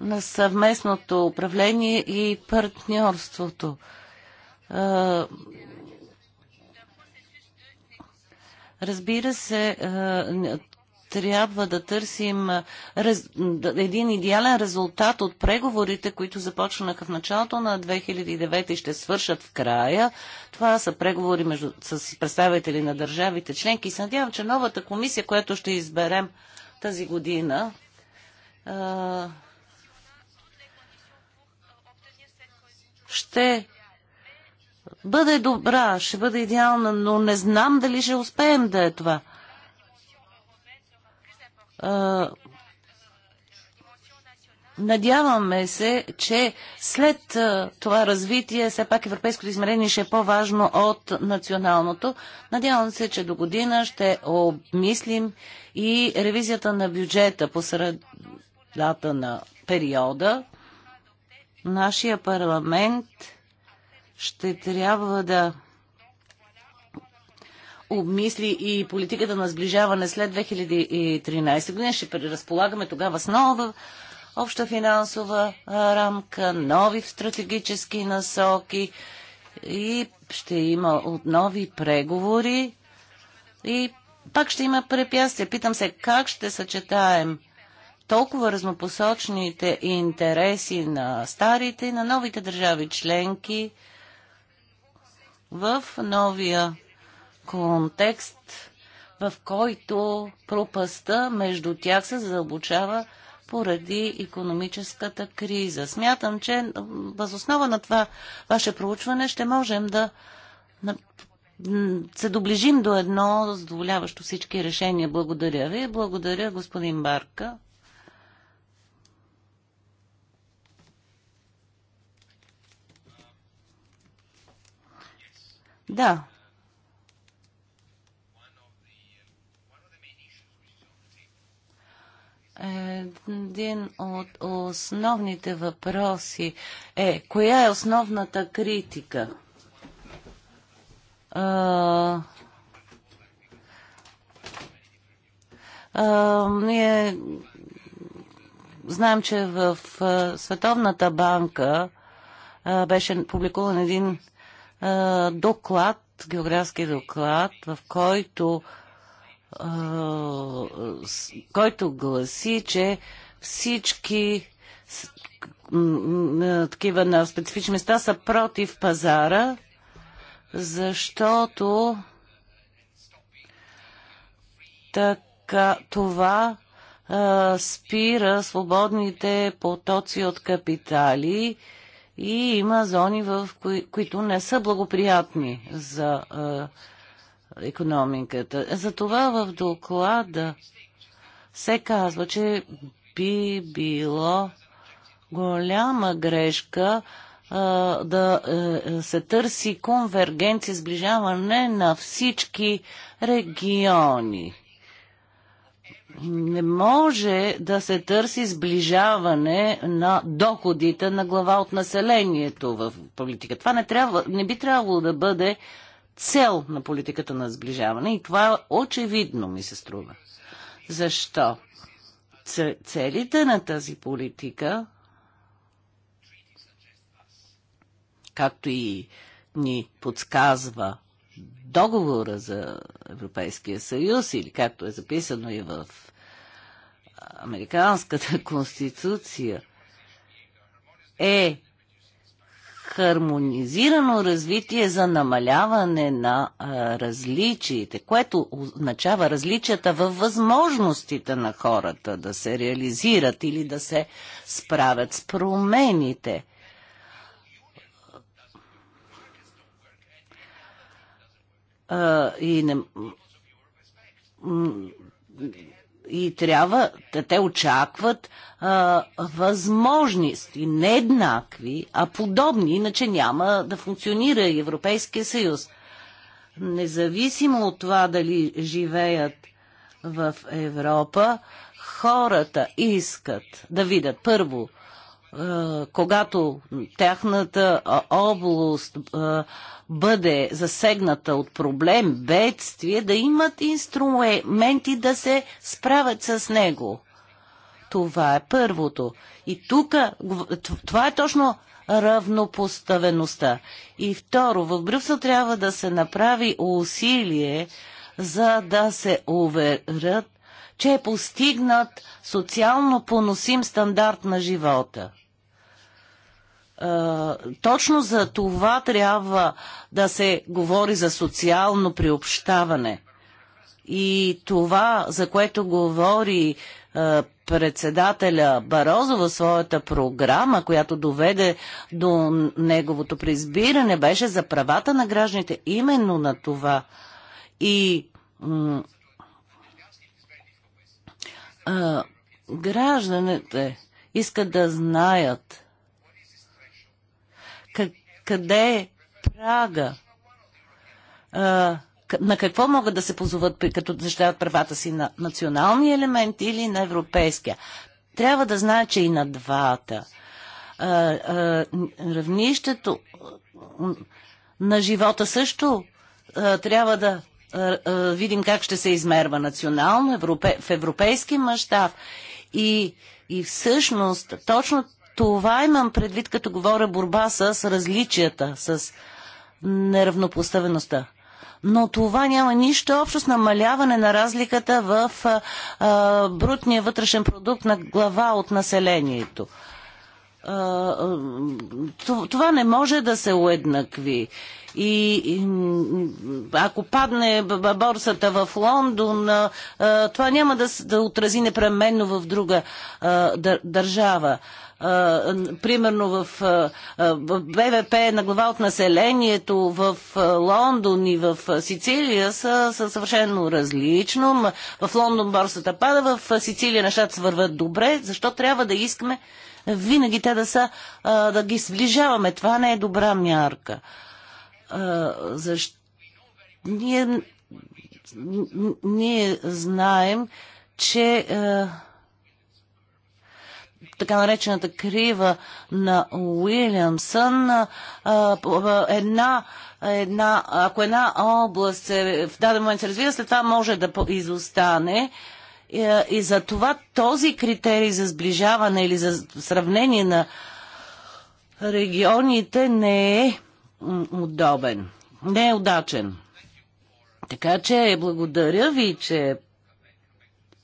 На съвместното управление и партньорството. Разбира се, трябва да търсим един идеален резултат от преговорите, които започнаха в началото на 2009 и ще свършат в края. Това са преговори между... с представители на държавите членки. И се надявам, че новата комисия, която ще изберем тази година, ще бъде добра, ще бъде идеална, но не знам дали ще успеем да е това. Надяваме се, че след това развитие, все пак европейското измерение ще е по-важно от националното. Надявам се, че до година ще обмислим и ревизията на бюджета по средата на периода. Нашия парламент ще трябва да обмисли и политиката на сближаване след 2013 година. Ще преразполагаме тогава с нова обща финансова рамка, нови стратегически насоки и ще има отнови преговори и пак ще има препятствия. Питам се как ще съчетаем толкова разнопосочните интереси на старите и на новите държави членки в новия контекст, в който пропаста между тях се задълбочава поради економическата криза. Смятам, че възоснова на това ваше проучване ще можем да се доближим до едно задоволяващо всички решения. Благодаря ви. Благодаря, господин Барка. Да, Един от основните въпроси е, коя е основната критика? А, а, ние знаем, че в Световната банка а, беше публикуван един а, доклад, географски доклад, в който а, който гласи, че всички такива на специфични места са против пазара, защото така това спира свободните потоци от капитали и има зони, в кои, които не са благоприятни за а, економиката. Затова в доклада се казва, че би било голяма грешка а, да а, е, се търси конвергенция, сближаване на всички региони. Не може да се търси сближаване на доходите на глава от населението в политика. Това не, трябва, не би трябвало да бъде цел на политиката на сближаване и това е очевидно, ми се струва. Защо? Целите на тази политика, както и ни подсказва договора за Европейския съюз или както е записано и в Американската *laughs* конституция, е хармонизирано развитие за намаляване на а, различиите, което означава различията във възможностите на хората да се реализират или да се справят с промените. А, и не, и трябва да те очакват а, възможности, не еднакви, а подобни, иначе няма да функционира Европейския съюз. Независимо от това дали живеят в Европа, хората искат да видят първо когато тяхната област бъде засегната от проблем, бедствие, да имат инструменти да се справят с него. Това е първото. И тук, това е точно равнопоставеността. И второ, в Брюксел трябва да се направи усилие, за да се уверят, че е постигнат социално поносим стандарт на живота. Е, точно за това трябва да се говори за социално приобщаване. И това, за което говори е, председателя Барозо в своята програма, която доведе до неговото преизбиране, беше за правата на гражданите именно на това. И гражданите искат да знаят къде е прага? на какво могат да се позоват, като защитават правата си на национални елементи или на европейския? Трябва да знае, че и на двата. равнището на живота също трябва да видим как ще се измерва национално, в европейски мащаб. И, и всъщност точно това имам предвид, като говоря борба с различията, с неравнопоставеността. Но това няма нищо общо с намаляване на разликата в а, брутния вътрешен продукт на глава от населението. А, това не може да се уеднакви. И, и ако падне борсата в Лондон, а, това няма да, да отрази непременно в друга а, държава примерно в, БВП на глава от населението в Лондон и в Сицилия са, са съвършено различно. В Лондон борсата пада, в Сицилия нещата свърват добре. Защо трябва да искаме винаги те да са, да ги сближаваме? Това не е добра мярка. Защо? Ние, ние знаем, че така наречената крива на Уилямсън, една, една, ако една област се, в даден момент се развива, след това може да изостане. И, и за това този критерий за сближаване или за сравнение на регионите не е удобен, не е удачен. Така че благодаря ви, че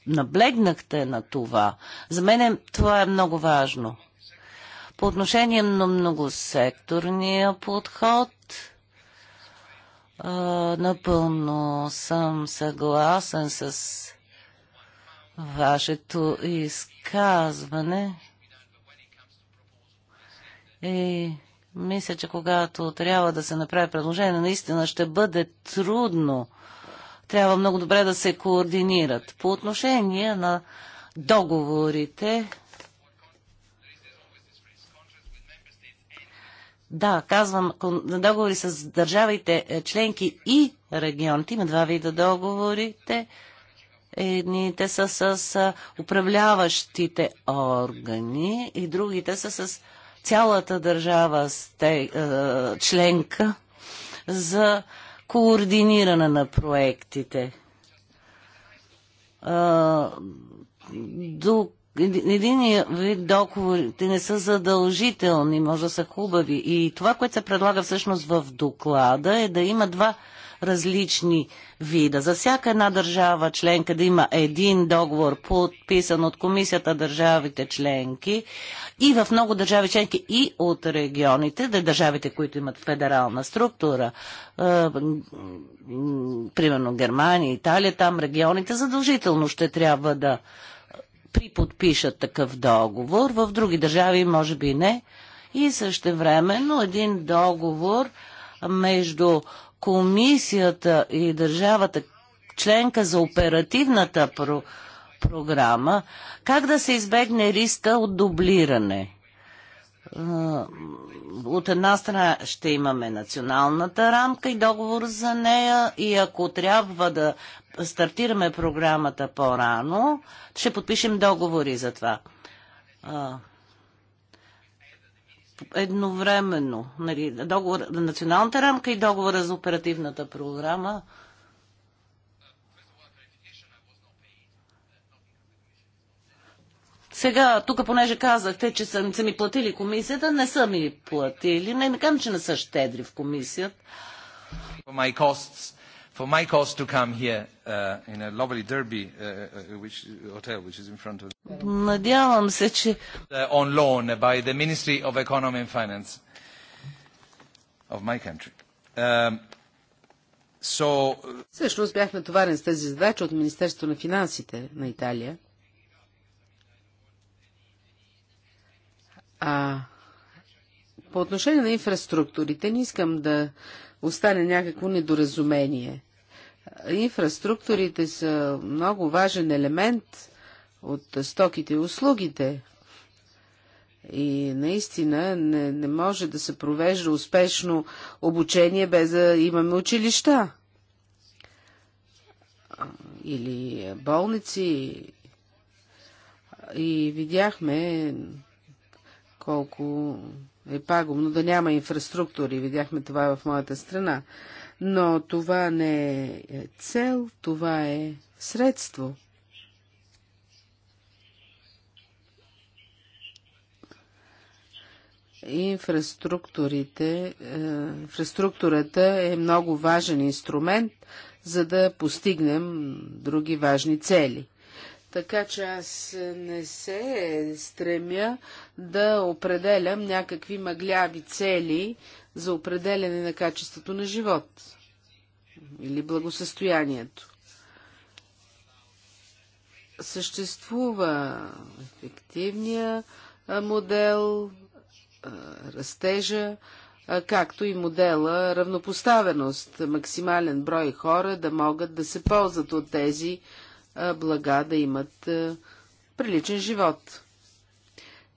наблегнахте на това. За мен е, това е много важно. По отношение на многосекторния подход, напълно съм съгласен с вашето изказване. И мисля, че когато трябва да се направи предложение, наистина ще бъде трудно трябва много добре да се координират. По отношение на договорите, Да, казвам, договори с държавите е, членки и регионите. Има два вида договорите. Едните са с управляващите органи и другите са с цялата държава е, членка за координиране на проектите. един вид договорите не са задължителни, може да са хубави. И това, което се предлага всъщност в доклада е да има два различни вида. За всяка една държава членка да има един договор, подписан от комисията държавите членки и в много държави членки и от регионите, да държавите, които имат федерална структура, е, примерно Германия, Италия, там регионите задължително ще трябва да приподпишат такъв договор. В други държави може би не. И също времено един договор между комисията и държавата членка за оперативната про програма, как да се избегне риска от дублиране? От една страна ще имаме националната рамка и договор за нея и ако трябва да стартираме програмата по-рано, ще подпишем договори за това едновременно. Нали, договор, националната рамка и договора за оперативната програма. Сега, тук, понеже казахте, че са, са ми платили комисията, не са ми платили. Не, не казвам, че не са щедри в комисията for my cause to come here uh, in a lovely Derby uh, uh, uh which, uh, hotel, which is in front of. Надявам се, че. Uh, on loan by the Ministry of Economy and Finance of my country. Um, so. Всъщност бях натоварен с тази задача от Министерството на финансите на Италия. А по отношение на инфраструктурите не искам да остане някакво недоразумение. Инфраструктурите са много важен елемент от стоките и услугите. И наистина не, не може да се провежда успешно обучение без да имаме училища или болници. И видяхме колко е пагубно да няма инфраструктури. Видяхме това в моята страна. Но това не е цел, това е средство. Инфраструктурите, е, инфраструктурата е много важен инструмент, за да постигнем други важни цели. Така че аз не се стремя да определям някакви мъгляви цели, за определене на качеството на живот или благосъстоянието. Съществува ефективния модел, растежа, както и модела равнопоставеност, максимален брой хора да могат да се ползват от тези блага, да имат приличен живот.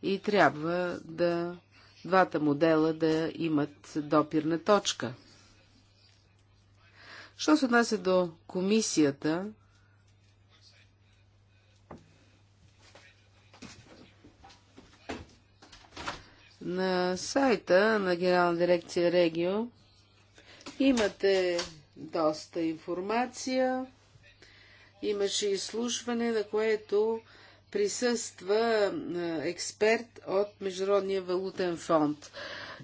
И трябва да двата модела да имат допирна точка. Що се отнася до комисията, на сайта на Генерална дирекция Регио имате доста информация. Имаше изслушване, на което присъства експерт от Международния валутен фонд.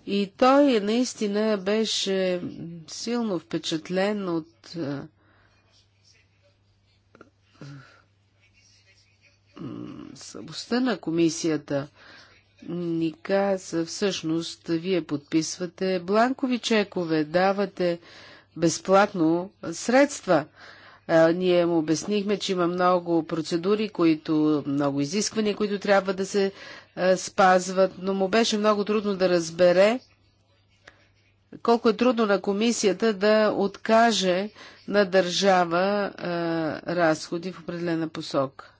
И той наистина беше силно впечатлен от събостта на комисията ни каза, всъщност, вие подписвате бланкови чекове, давате безплатно средства ние му обяснихме, че има много процедури, които, много изисквания, които трябва да се спазват, но му беше много трудно да разбере колко е трудно на комисията да откаже на държава а, разходи в определена посока.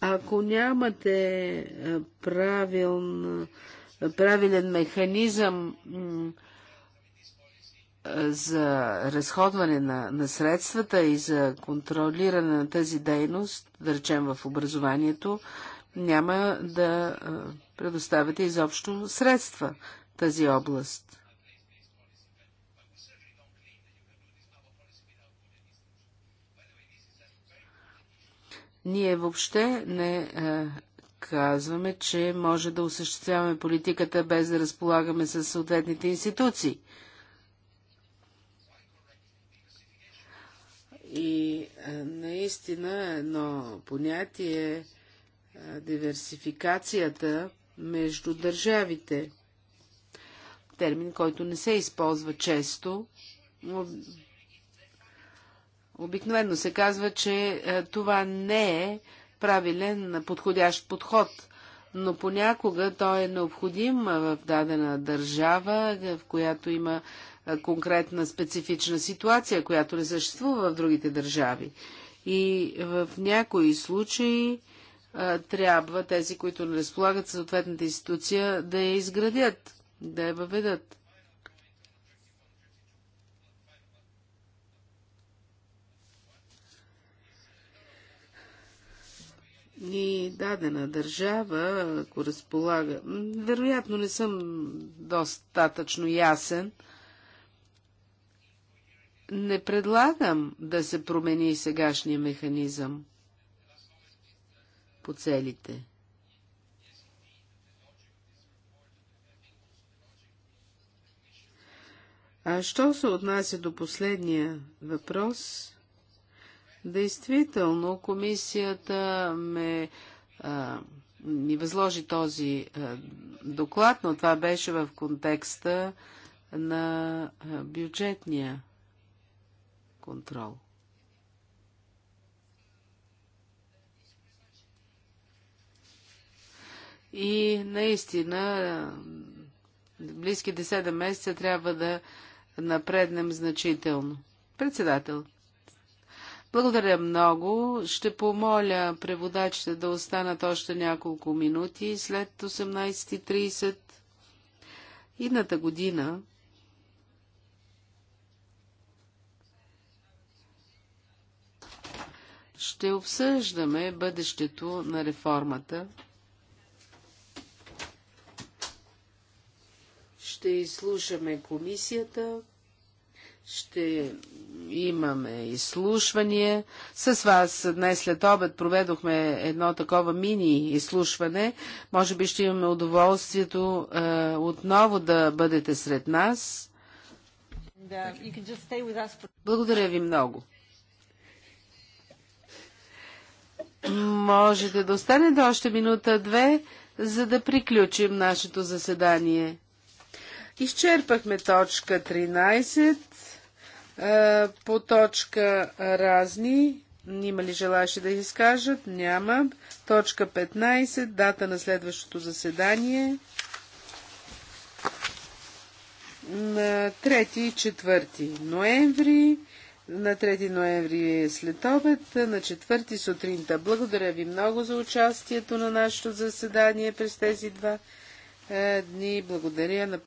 Ако нямате правилен, правилен механизъм за разходване на, на средствата и за контролиране на тази дейност, да речем в образованието, няма да предоставяте изобщо средства в тази област. Ние въобще не казваме, че може да осъществяваме политиката без да разполагаме с съответните институции. Е, наистина едно понятие е, диверсификацията между държавите. Термин, който не се използва често. Обикновено се казва, че е, това не е правилен подходящ подход – но понякога той е необходим в дадена държава, в която има конкретна специфична ситуация, която не съществува в другите държави. И в някои случаи трябва тези, които не разполагат съответната институция, да я изградят, да я въведат. и дадена държава, ако разполага... Вероятно не съм достатъчно ясен. Не предлагам да се промени сегашния механизъм по целите. А що се отнася до последния въпрос? Действително, комисията ме а, ни възложи този а, доклад, но това беше в контекста на бюджетния контрол. И наистина близките 7 месеца трябва да напреднем значително. Председател, благодаря много. Ще помоля преводачите да останат още няколко минути след 18.30. Идната година ще обсъждаме бъдещето на реформата. Ще изслушаме комисията ще имаме изслушвания. С вас днес след обед проведохме едно такова мини изслушване. Може би ще имаме удоволствието е, отново да бъдете сред нас. Uh, Благодаря ви много. Можете да останете още минута-две, за да приключим нашето заседание. Изчерпахме точка 13. Е, по точка разни, има ли желащи да изкажат? Няма. Точка 15, дата на следващото заседание. На 3 и 4 ноември. На 3 ноември е след обед, на 4 сутринта. Благодаря ви много за участието на нашето заседание през тези два е, дни. Благодаря на